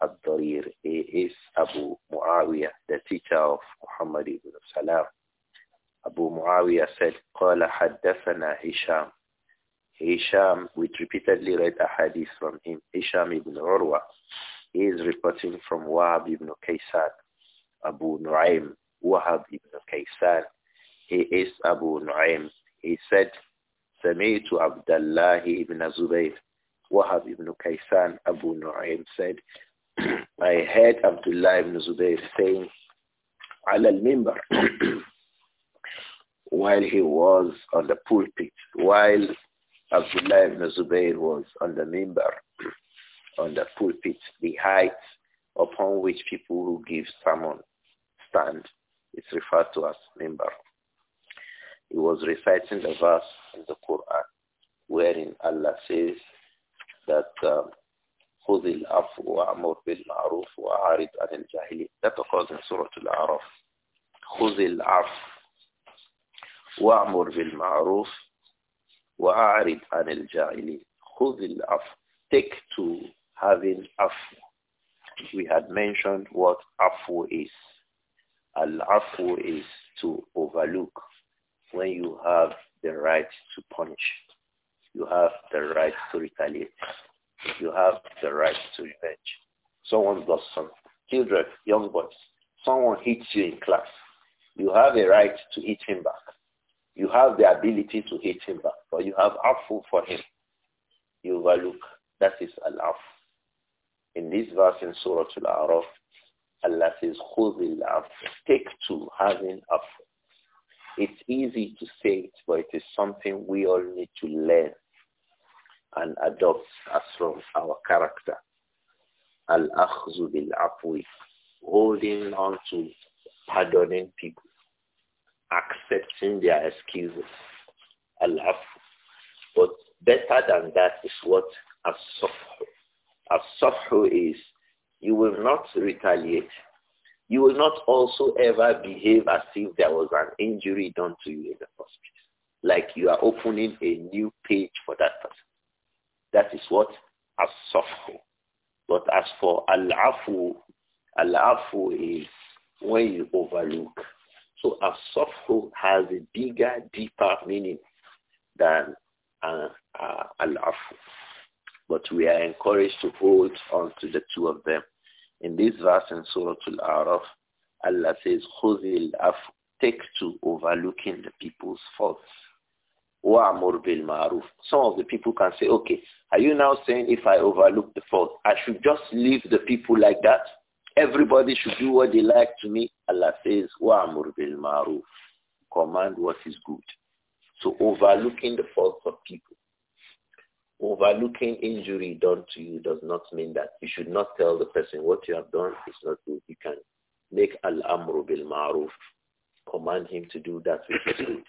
al-Darir. He is Abu Muawiyah, the teacher of Muhammad ibn Salam. Abu Muawiyah said, قال حدثنا Hisham. Hisham, which repeatedly read a hadith from him, Hisham ibn Urwa. He is reporting from Wahab ibn Kaysan, Abu Nu'aym, Wahab ibn Kaysan. He is Abu Nu'aym. He said, سمعت Abdullah ibn بن زبير Wahab ibn Kaysan Abu Nu'aym said, I heard Abdullah ibn Zubayr saying, Al Mimbar, while he was on the pulpit, while Abdullah ibn Zubayr was on the Mimbar, on the pulpit, the height upon which people who give sermon stand. It's referred to as member. He was reciting the verse in the Quran wherein Allah says that خُذِ الْعَفْوَ وَأَمُرْ بِالْمَعْرُوفِ وَأَعْرِضْ عَنِ Jahili. That occurs in Surah Al-A'raf. خُذِ الْعَفْوَ وَأَمُرْ بِالْمَعْرُوفِ وَأَعْرِضْ عَنِ الْجَاهِلِينَ خُذِ الْعَفْوَ Take to having afu. We had mentioned what afu is. Al-afu is to overlook when you have the right to punish. You have the right to retaliate. You have the right to revenge. Someone does something. Children, young boys, someone hits you in class. You have a right to hit him back. You have the ability to hit him back, but you have afu for him. You overlook. That is al-afu. In this verse in Surah Al-A'raf, Allah says, خُذِ Stick to having a it's easy to say it, but it is something we all need to learn and adopt as from our character. Al-akhzu bil holding on to pardoning people, accepting their excuses. Allah, But better than that is what as-safhu. As-sahu is you will not retaliate. You will not also ever behave as if there was an injury done to you in the first place. Like you are opening a new page for that person. That is what as-sahu. But as for al-afu, al-afu is when you overlook. So as-safu has a bigger, deeper meaning than uh, uh, al-afu. But we are encouraged to hold on to the two of them. In this verse in Surah Al-A'raf, Allah says, خُذِ الْأَفْوَ Take to overlooking the people's faults. Some of the people can say, okay, are you now saying if I overlook the fault, I should just leave the people like that? Everybody should do what they like to me. Allah says, وَأْمُرْ بِالْمَعْرُوفِ Command what is good. So overlooking the faults of people overlooking injury done to you does not mean that you should not tell the person what you have done is not good. You can make al-amru bil ma'ruf, command him to do that which is good.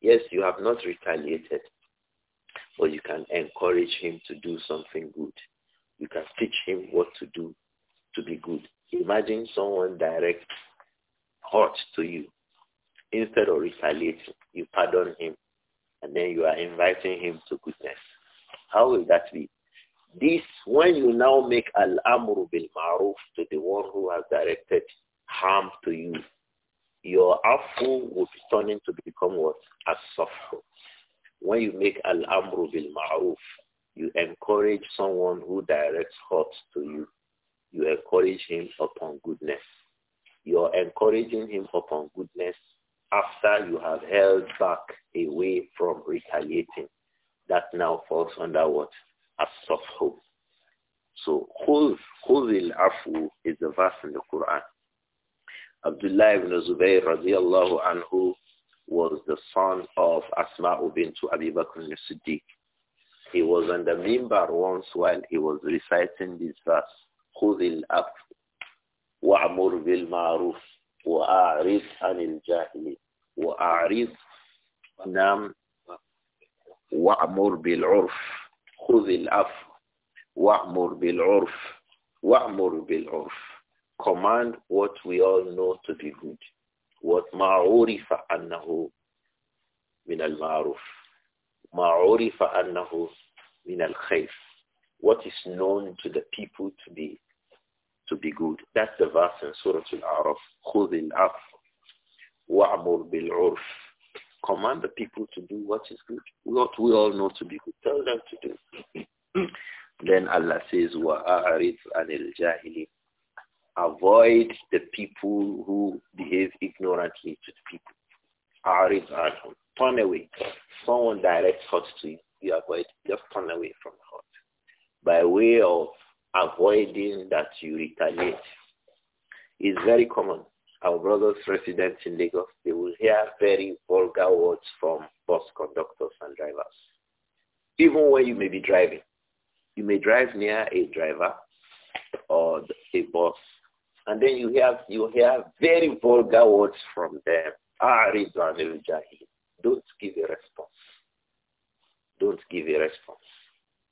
Yes, you have not retaliated, but you can encourage him to do something good. You can teach him what to do to be good. Imagine someone direct hurt to you. Instead of retaliating, you pardon him, and then you are inviting him to goodness. How will that be? This, when you now make al-amru bil ma'ruf to the one who has directed harm to you, your afu will be turning to become what? As-safru. When you make al-amru bil ma'ruf, you encourage someone who directs hurt to you. You encourage him upon goodness. You're encouraging him upon goodness after you have held back away from retaliating. That now falls under what? As-Safhu. So Khuz, Khuzil Afu is the verse in the Quran. Abdullah ibn Zubayr radiallahu anhu was the son of Asma'u bint Abi Bakr al-Siddiq. He was on the mimbar once while he was reciting this verse. Khuzil Afu wa'mur bil ma'ruf wa'arid anil jahili wa'arid nam وأمر بالعرف خذ العفو وأمر بالعرف وأمر بالعرف command what we all know to be good what ما عرف أنه من المعروف ما عرف أنه من الخير what is known to the people to be to be good that's the verse in Surah Al-A'raf خذ الاف وأمر بالعرف Command the people to do what is good, what we all know to be good. Tell them to do. then Allah says, وَأَعْرِضْ عَنِ الْجَاهِلِينَ Avoid the people who behave ignorantly to the people. أَعْرِضْ عَنْهُمْ Turn away. Someone directs hurt to you. You avoid. Just turn away from hurt. By way of avoiding that you retaliate. It's very common our brothers residents in Lagos, they will hear very vulgar words from bus conductors and drivers. Even when you may be driving, you may drive near a driver or a bus, and then you hear you hear very vulgar words from them. Ah, don't give a response. Don't give a response.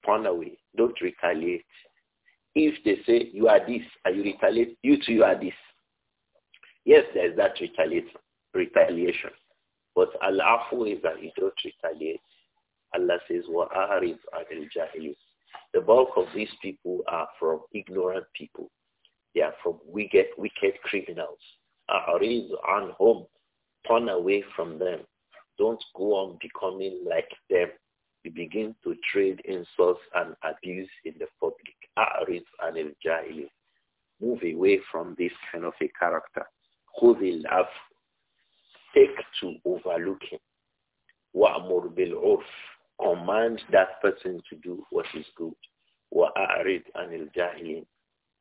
Turn away. Don't retaliate. If they say you are this and you retaliate, you too you are this. Yes, there is that retaliation. But al-afu is that you don't retaliate. Allah says, وَأَعْرِضْ al الْجَاهِلِينَ The bulk of these people are from ignorant people. They are from wicked, wicked criminals. أَعْرِضْ home. Turn away from them. Don't go on becoming like them. You begin to trade insults and abuse in the public. أَعْرِضْ al الْجَاهِلِينَ Move away from this kind of a character. خذ العفو take to overlooking? him وأمر بالعرف command that person to do what is good وأعرض عن الجاهلين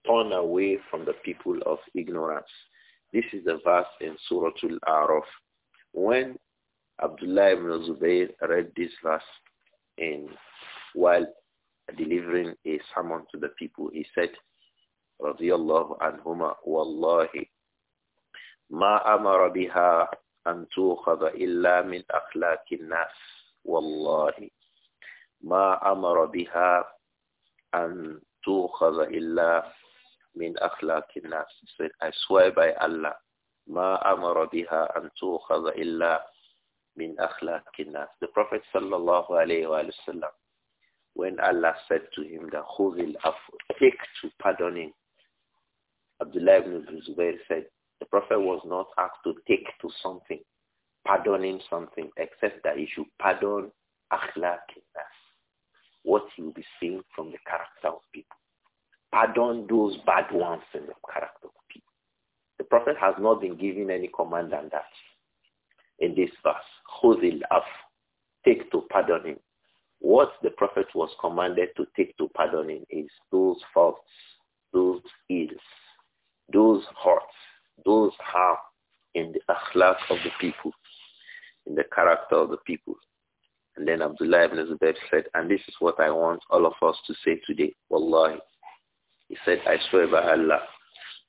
turn away from the people of ignorance this is the verse in Surah Al-Araf when Abdullah ibn Zubayr read this verse in while delivering a sermon to the people he said رضي الله عنهما والله ما أمر بها أن تؤخذ إلا من أخلاق الناس والله ما أمر بها أن تؤخذ إلا من أخلاق الناس I swear by Allah ما أمر بها أن تؤخذ إلا من أخلاق الناس The Prophet صلى الله عليه وسلم when Allah said to him that خذ الأفو take to pardoning Abdullah ibn Zubair said the Prophet was not asked to take to something, pardoning something, except that he should pardon akhlaq what you'll be seeing from the character of people. Pardon those bad ones in the character of people. The Prophet has not been given any command on that in this verse. will af, take to pardoning. What the Prophet was commanded to take to pardoning is those faults, those ills, those hurts, those are in the akhlaq of the people, in the character of the people. And then Abdullah ibn Zubayr said, and this is what I want all of us to say today, Wallahi. He said, I swear by Allah,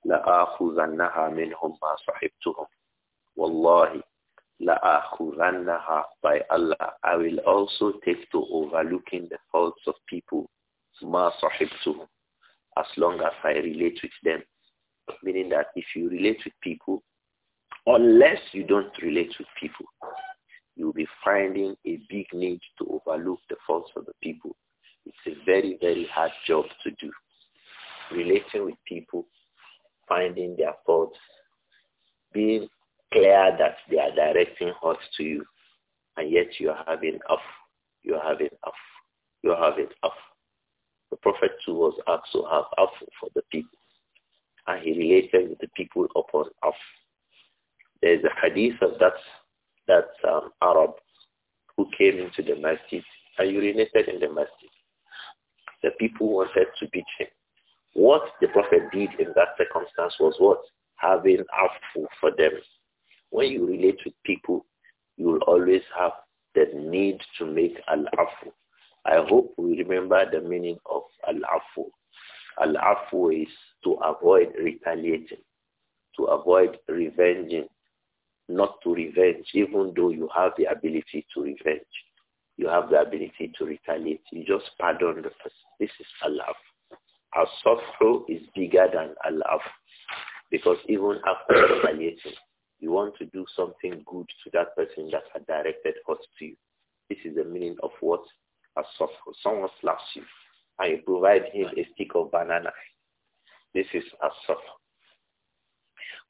لَآخُذَنَّهَا مِنْهُمْ مَا صَحِبْتُهُمْ Wallahi, لَآخُذَنَّهَا By Allah, I will also take to overlooking the faults of people, مَا صَحِبْتُهُمْ As long as I relate with them meaning that if you relate with people, unless you don't relate with people, you'll be finding a big need to overlook the faults of the people. It's a very, very hard job to do. Relating with people, finding their faults, being clear that they are directing hurt to you, and yet you are having off, you are having off, you are having off. The prophet too was asked to have off for the people and he related with the people upon us. There is a hadith of that, that um, Arab who came into the masjid and urinated in the masjid. The people wanted to beat him. What the Prophet did in that circumstance was what? Having afu for them. When you relate with people, you will always have the need to make al-afu. I hope we remember the meaning of al-afu. Al-afu is to avoid retaliating, to avoid revenging, not to revenge, even though you have the ability to revenge. You have the ability to retaliate. You just pardon the person. This is Allah. Our sorrow is bigger than Allah. Because even after retaliating, you want to do something good to that person that had directed hurt to you. This is the meaning of what a sorrow. Someone slaps you and you provide him a stick of banana this is as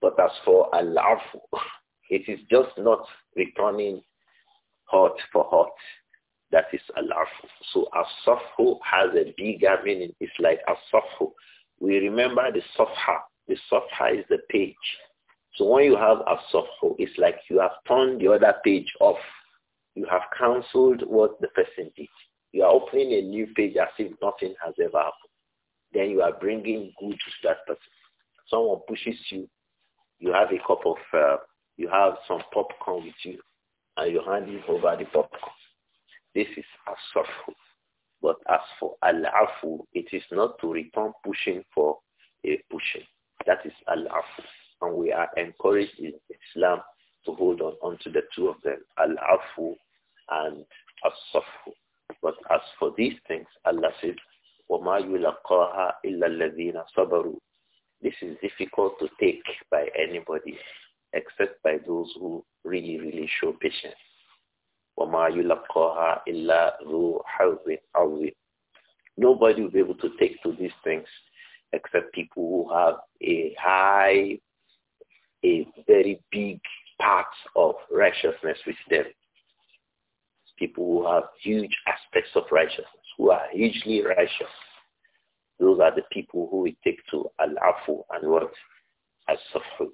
But as for al-afu, it is just not returning hot for hot. That is al-afu. So as has a bigger meaning. It's like as We remember the safha. The safha is the page. So when you have as it's like you have turned the other page off. You have cancelled what the person did. You are opening a new page as if nothing has ever happened then you are bringing good to that person. Someone pushes you, you have a cup of, uh, you have some popcorn with you, and you hand it over the popcorn. This is asarfu. But as for al-afu, it is not to return pushing for a pushing. That is al-afu. And we are encouraged in Islam to hold on onto the two of them, al-afu and as-safu. But as for these things, Allah says, وَمَا يُلَقَّاهَا إِلَّا الَّذِينَ صَبَرُوا This is difficult to take by anybody except by those who really, really show patience. وَمَا يُلَقَّاهَا إِلَّا ذُو حَظٍ عَظِيمٍ Nobody will be able to take to these things except people who have a high, a very big part of righteousness with them. People who have huge aspects of righteousness who are hugely righteous. Those are the people who we take to Al-Afu and what? As-Safhu.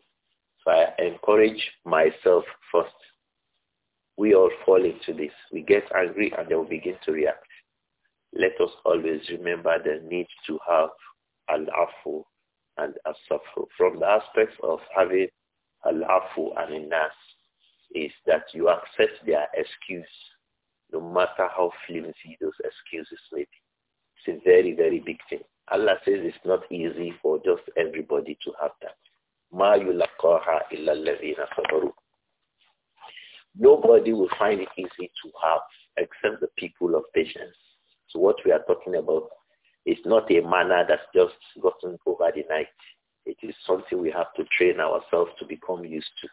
So I encourage myself first. We all fall into this. We get angry and then we begin to react. Let us always remember the need to have Al-Afu and As-Safhu. From the aspects of having Al-Afu and inas, is that you accept their excuse no matter how flimsy those excuses may be. It's a very, very big thing. Allah says it's not easy for just everybody to have that. مَا يُلَقَّاهَا إِلَّا الَّذِينَ Nobody will find it easy to have except the people of patience. So what we are talking about is not a manner that's just gotten over the night. It is something we have to train ourselves to become used to.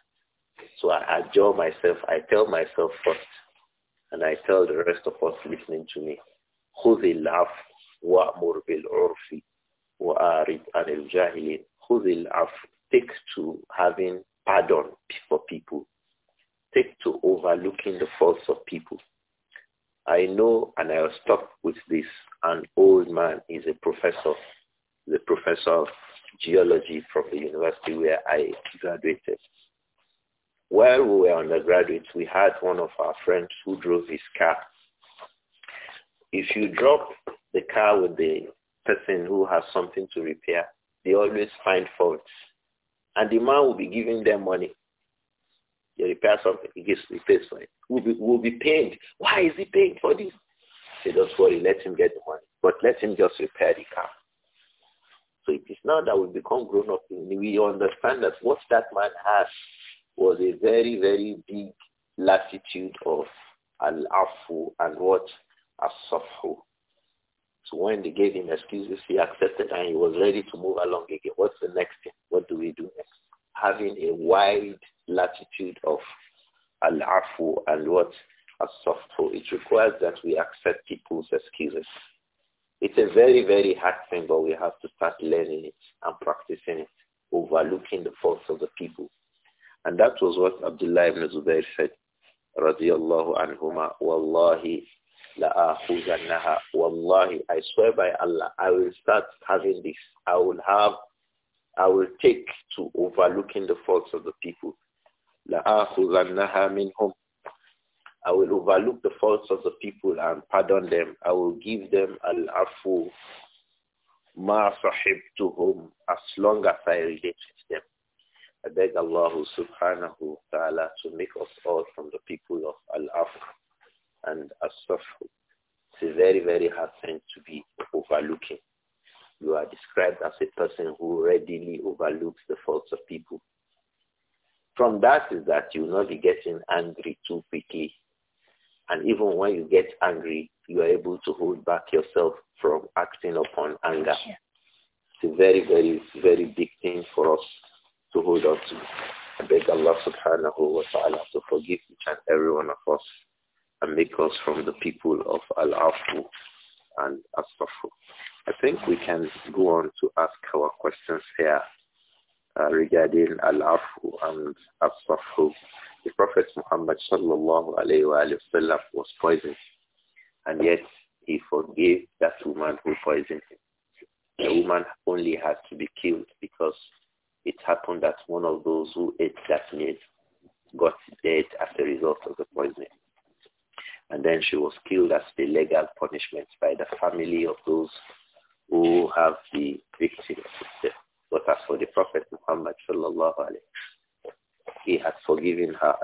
So I adjure myself, I tell myself first, and I tell the rest of us listening to me, خذ العفو وأمر بالعرف وأعرض عن الجاهلين خذ العفو Take to having pardon for people. Take to overlooking the faults of people. I know, and I will stop with this, an old man is a professor, the professor of geology from the university where I graduated. While we were undergraduates, we had one of our friends who drove his car. If you drop the car with the person who has something to repair, they always find faults. And the man will be giving them money. They repair something, he gives he pays for it. Will be will be paid. Why is he paying for this? Say, don't worry, let him get the money. But let him just repair the car. So it is now that we become grown up we understand that what that man has was a very, very big latitude of al-afu and what? As-safhu. So when they gave him excuses, he accepted and he was ready to move along again. What's the next thing? What do we do next? Having a wide latitude of al-afu and what? As-safhu. It requires that we accept people's excuses. It's a very, very hard thing, but we have to start learning it and practicing it, overlooking the faults of the people and that was what Abdullah ibn Zubayr said, radiallahu anhuma, wallahi la'akhuzannaha, wallahi, I swear by Allah, I will start having this. I will have, I will take to overlooking the faults of the people. La'akhuzannaha minhum. I will overlook the faults of the people and pardon them. I will give them al-afu ma sahibtuhum as long as I relate I beg Allah subhanahu wa ta'ala to make us all from the people of Al-Afr and As-Safru. It's very, very hard thing to be overlooking. You are described as a person who readily overlooks the faults of people. From that is that you will not be getting angry too quickly. And even when you get angry, you are able to hold back yourself from acting upon anger. It's a very, very, very big thing for us to hold on to. I beg Allah subhanahu wa ta'ala to forgive each and every one of us and make us from the people of Al-Afu and Astafu. I think we can go on to ask our questions here uh, regarding Al-Afu and Astafu. The Prophet Muhammad sallallahu alayhi wa, alayhi sallam was poisoned and yet he forgave that woman who poisoned him. The woman only had to be killed because happened that one of those who ate that meat got dead as a result of the poisoning. And then she was killed as the legal punishment by the family of those who have the victims. But as for the Prophet Muhammad sallallahu alayhi, he had forgiven her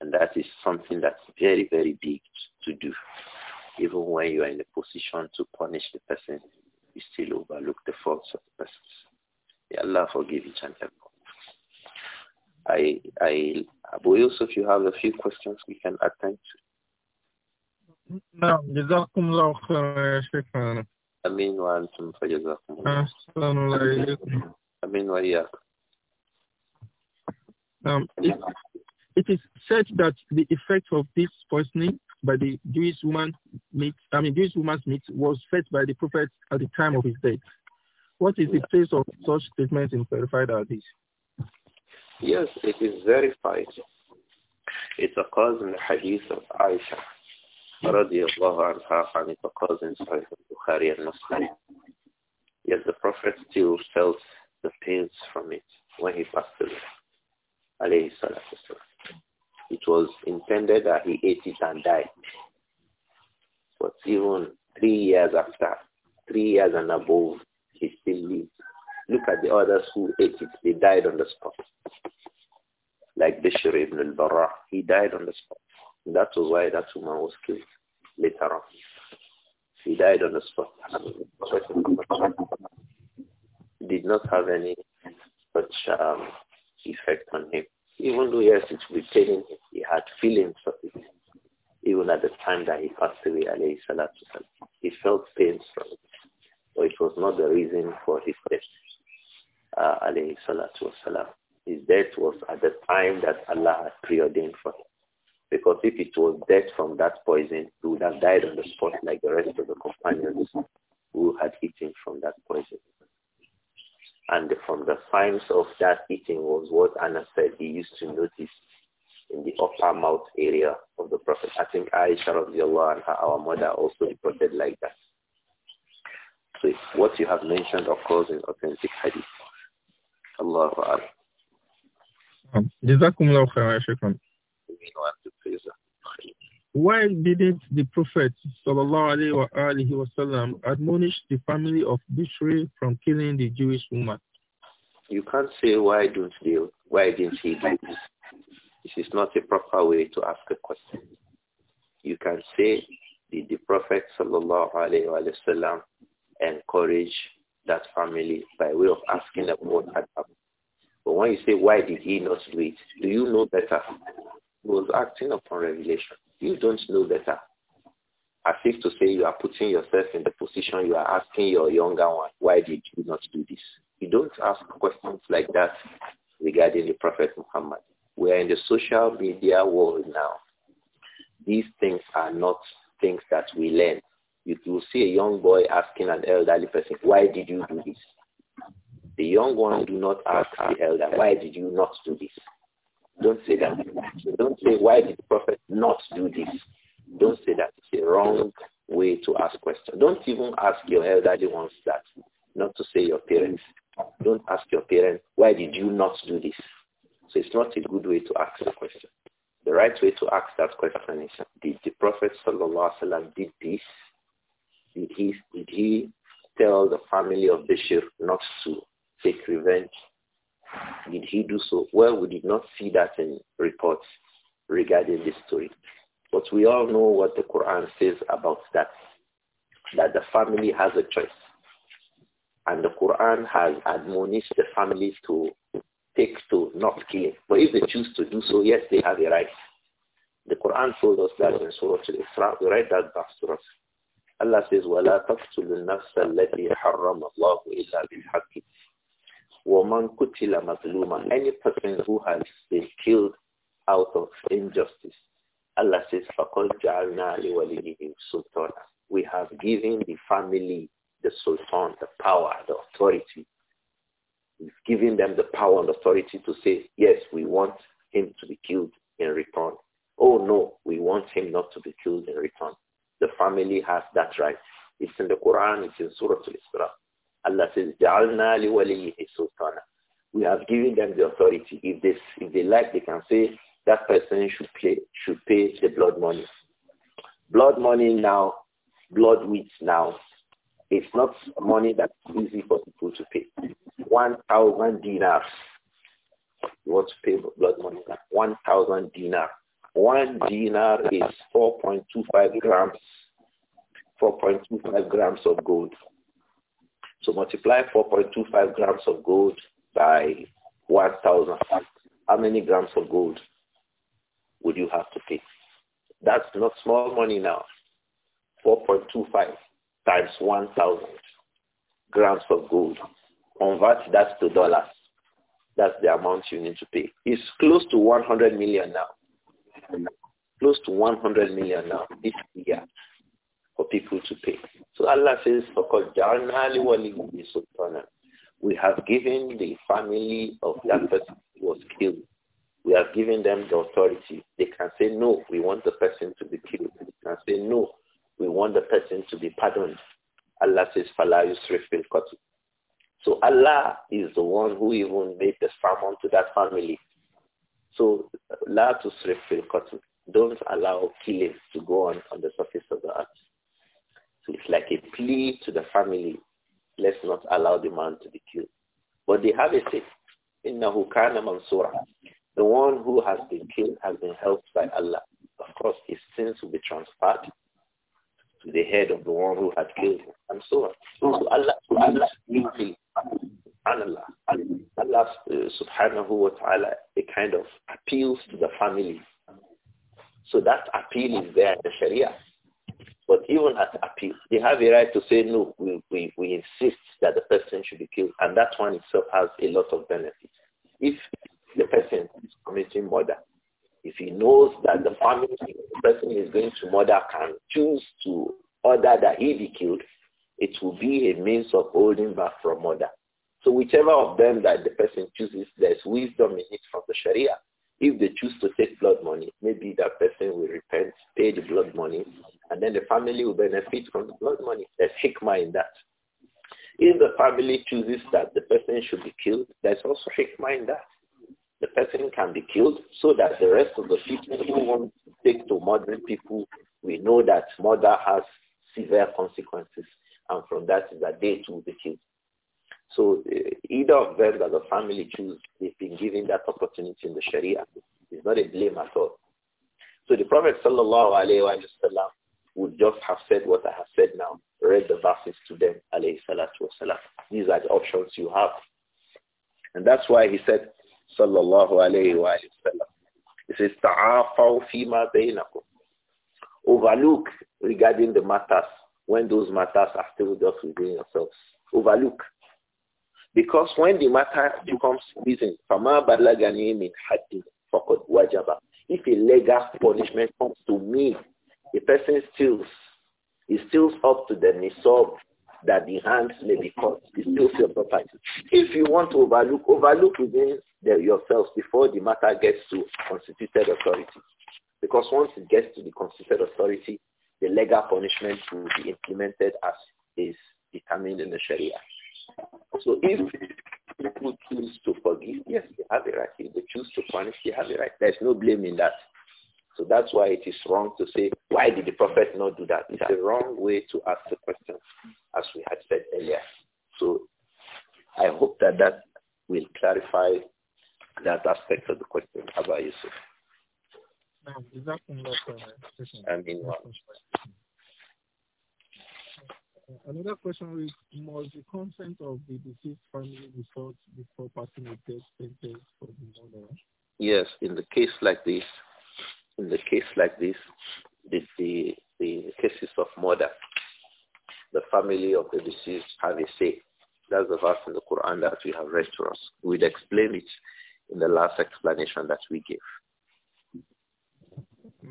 And that is something that's very, very big to do. Even when you are in a position to punish the person, you still overlook the faults of the person. Allah forgive each and every one. I, I, Abu Yusuf, you have a few questions we can attend to. نعم جزاكم الله خيرا يا شيخنا أمين وأنتم فجزاكم الله أحسن الله إليكم أمين وإياكم um, it, it is said that the effect of this poisoning by the Jewish woman meat, I mean Jewish woman's meat was felt by the prophet at the time of his death. What is the place of such statements in verified hadith? Yes, it is verified. It's a cause in the hadith of Aisha. Radiallahu anha, and it's a cause in Sahih Bukhari and Muslim. Yet the Prophet still felt the pains from it when he passed away. Alayhi It was intended that he ate it and died. But even three years after, three years and above, he still Look at the others who ate it. They died on the spot. Like Bishr ibn al-Barra, he died on the spot. that was why that woman was killed later on. He died on the spot. Did not have any such um, effect on him. Even though, yes, it would be him, he had feelings of it. Even at the time that he passed away, alayhi salatu He felt pain from it or it was not the reason for his death. Uh, alayhi salatu wasalam. His death was at the time that Allah had preordained for him. Because if it was death from that poison, he would have died on the spot like the rest of the companions who had eaten from that poison. And from the signs of that eating was what Anna said he used to notice in the upper mouth area of the Prophet. I think Aisha radiallahu anha, our mother, also reported like that what you have mentioned occurs in authentic hadith. Allahu why didn't the Prophet وسلم, admonish the family of Bishri from killing the Jewish woman? You can't say why don't they, why didn't he do this? This is not a proper way to ask a question. You can say did the Prophet sallallahu alaihi wasallam encourage that family by way of asking them what had happened. But when you say, why did he not do it? Do you know better? He was acting upon revelation. You don't know better. As if to say you are putting yourself in the position you are asking your younger one, why did you not do this? You don't ask questions like that regarding the Prophet Muhammad. We are in the social media world now. These things are not things that we learn you will see a young boy asking an elderly person, why did you do this? The young one do not ask the elder, why did you not do this? Don't say that. Don't say, why did the prophet not do this? Don't say that. It's a wrong way to ask questions. Don't even ask your elderly ones that, not to say your parents. Don't ask your parents, why did you not do this? So it's not a good way to ask the question. The right way to ask that question is, did the Prophet Sallallahu Alaihi Wasallam did this? Did he, did he tell the family of Bashir not to take revenge? Did he do so? Well, we did not see that in reports regarding this story. But we all know what the Quran says about that, that the family has a choice. And the Quran has admonished the families to take to not killing. But if they choose to do so, yes, they have a right. The Quran told us that in Surah Al-Isra. We read that back to us. Allah says, وَلَا تَقْتُلُ النَّفْسَ الَّتِي حَرَّمَ اللَّهُ إِلَّا بِالْحَقِّ وَمَنْ قُتِلَ مَظْلُومًا Any person who has been killed out of injustice, Allah says, فَقَدْ جَعَلْنَا لِوَلِيِّهِ سُلْطَانًا We have given the family, the sultan, the power, the authority. We've given them the power and authority to say, yes, we want him to be killed in return. Oh no, we want him not to be killed in return the family has that right. It's in the Quran, it's in Surah Al-Isra. Allah says, li لِوَلِيِّهِ سُلْطَانًا We have given them the authority. If they, if they like, they can say, that person should pay, should pay the blood money. Blood money now, blood wheat now, it's not money that's easy for people to pay. 1,000 dinars. You want to pay blood money? now? 1,000 dinars one dinar is 4.25 grams, 4.25 grams of gold. So multiply 4.25 grams of gold by 1,000. How many grams of gold would you have to pay? That's not small money now. 4.25 times 1,000 grams of gold. Convert that to dollars. That's the amount you need to pay. It's close to 100 million now close to 100 million now this year for people to pay. So Allah says, We have given the family of that person who was killed, we have given them the authority. They can say, no, we want the person to be killed. They can say, no, we want the person to be pardoned. Allah says, Fala Yusrif So Allah is the one who even made the sermon to that family. So, La Tusrif fil don't allow killings to go on on the surface of the earth. So it's like a plea to the family. Let's not allow the man to be killed. But they have a say, إِنَّهُ كَانَ مَنْصُورًا The one who has been killed has been helped by Allah. Of course, his sins will be transferred to the head of the one who had killed him, and so on. So Allah, to Allah, Allah, Allah uh, subhanahu wa ta'ala, it kind of appeals to the family so that appeal is there in the Sharia. But even at appeal, they have a right to say, no, we, we, we insist that the person should be killed. And that one itself has a lot of benefits. If the person is committing murder, if he knows that the family the person is going to murder can choose to order that he be killed, it will be a means of holding back from murder. So whichever of them that the person chooses, there's wisdom in it from the Sharia. If they choose to take blood money, maybe that person will repent, pay the blood money, and then the family will benefit from the blood money. There's hikmah in that. If the family chooses that the person should be killed, there's also hikmah in that. The person can be killed so that the rest of the people who want to take to murdering people, we know that murder has severe consequences, and from that is that they too will be killed. So eh, either of them that the family choose, they've been given that opportunity in the Sharia. It's not a blame at all. So the Prophet sallallahu wa sallam would just have said what I have said now, read the verses to them, alayhi salatu These are the options you have. And that's why he said, sallallahu alayhi wa sallam, he says, ta'afaw fima baynakum. Overlook regarding the matters when those matters are still just within yourselves. Overlook. Because when the matter becomes reason, If a legal punishment comes to me, a person steals. He steals up to the nisab that the hands may be cut. He steals your property. If you want to overlook, overlook within the, yourselves before the matter gets to constituted authority. Because once it gets to the constituted authority, the legal punishment will be implemented as is determined in the Sharia. So if people choose to forgive, yes, they have a right. If they choose to punish, they have a right. There's no blame in that. So that's why it is wrong to say, why did the prophet not do that? It's a wrong way to ask the question, as we had said earlier. So I hope that that will clarify that aspect of the question. How about you, sir? Uh, I mean, Another question is, must the consent of the deceased family be sought before passing a death sentence for the murderer? Yes, in the case like this, in the case like this, the, the, the cases of murder, the family of the deceased have a say. That's the verse in the Quran that we have read to us. We'll explain it in the last explanation that we gave.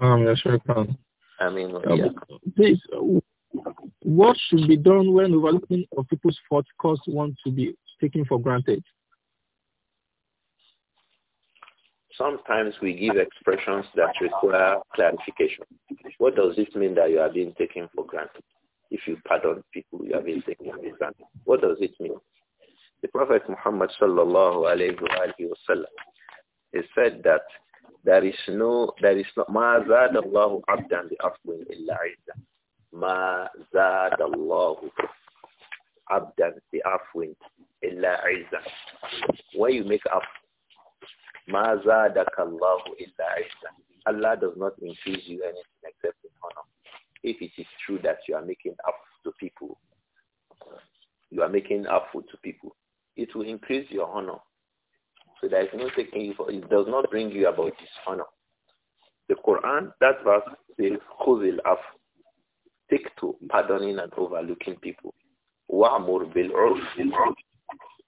Um, yes, sure, I mean, um, yeah. Please, what should be done when overlooking of people's thoughts cause one to be taken for granted? Sometimes we give expressions that require clarification. What does it mean that you are being taken for granted? If you pardon people, you are being taken for granted. What does it mean? The Prophet Muhammad sallallahu alayhi wa sallam, he said that there is no, there is no, maazad زَادَ abdan عَبْدًا بِأَفْضٍ إِلَّا ما زاد الله عبدا بعفو إلا عزا why you make up ما زادك الله إلا عزا Allah does not increase you anything except in honor if it is true that you are making up to people you are making up to people it will increase your honor so there is no taking you for it does not bring you about dishonor the Quran that verse says خذ العفو Stick to pardoning and overlooking people. وَعْمُرْ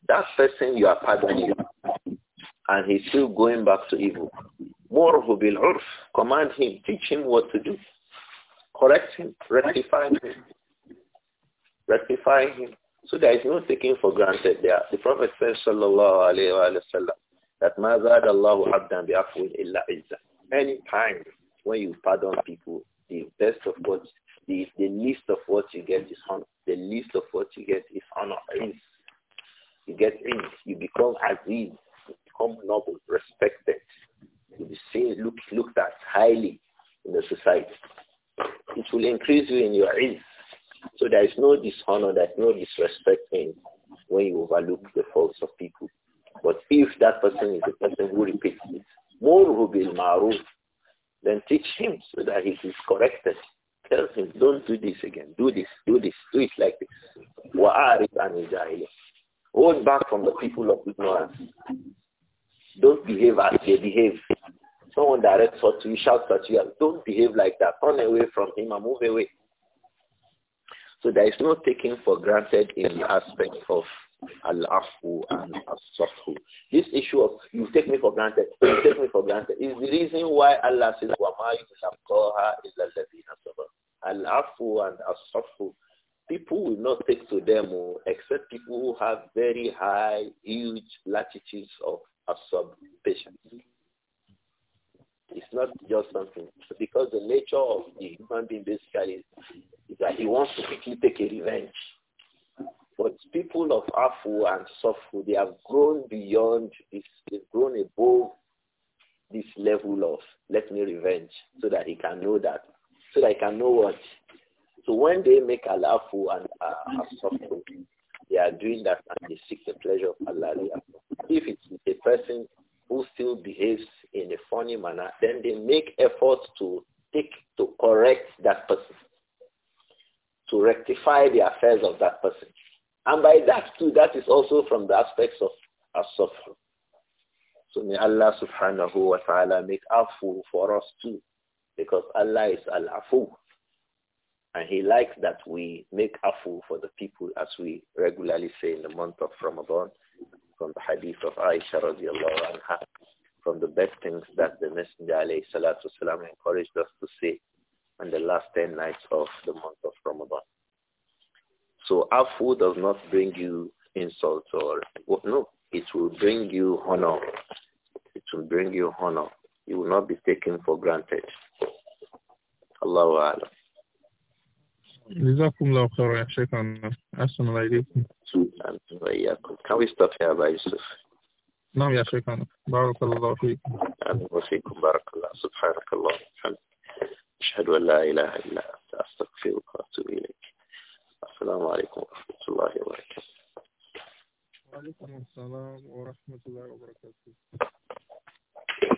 That person you are pardoning and he's still going back to evil. مُرْهُ بِالْعُرْفِ Command him, teach him what to do. Correct him, rectify him. Rectify him. So there is no taking for granted there. The Prophet says, sallallahu alayhi wa sallam, that مَا زَادَ اللَّهُ عَبْدًا بِعَفْوٍ إِلَّا Any time when you pardon people, the best of what the, the least of what you get is honor. The least of what you get is honor. You get in. You become aziz. You become noble, respected. You be seen, look, looked at highly in the society. It will increase you in your izz. So there is no dishonor, there is no disrespect in when you overlook the faults of people. But if that person is a person who repeats it, more will be maruf, then teach him so that he is corrected. Tells him, don't do this again. Do this, do this, do it like this. Wa'arif anil jahilin. Hold back from the people of ignorance. Don't behave as they behave. Someone directs what you, shouts at you. Don't behave like that. Turn away from him and move away. So there is no taking for granted in the aspect of Al-Afu and As-Safu. This issue of you take me for granted, you take me for granted, is the reason why Allah says, وَمَا يُلَقَّاهَا إِلَّا الَّذِينَ صَبَرُوا Al-Afu and As-Safu. People will not take to them oh, except people who have very high, huge latitudes of Asab patience. It's not just something. Because the nature of the human being basically is that he wants to quickly take a revenge but people of Afu and Sofu, they have grown beyond this, they've grown above this level of let me revenge so that he can know that, so that he can know what. So when they make Alafu and uh, Sofu, they are doing that and they seek the pleasure of Allah. If it's a person who still behaves in a funny manner, then they make efforts to take, to correct that person, to rectify the affairs of that person. And by that too, that is also from the aspects of as So may Allah subhanahu wa ta'ala make afu for us too. Because Allah is al-afu. And he likes that we make afu for the people as we regularly say in the month of Ramadan from the hadith of Aisha radiallahu anha. From the best things that the Messenger alayhi salatu salam encouraged us to say on the last 10 nights of the month of Ramadan. So afu does not bring you insult or no, it will bring you honor. It will bring you honor. You will not be taken for granted. Allahu Akbar. Can we stop here, by Yusuf? نعم يا شيخنا بارك الله فيك بارك الله فيكم بارك الله سبحانك اللهم وبحمدك أشهد أن لا Assalamu alaikum wa wa rahmatullahi wa barakatuh.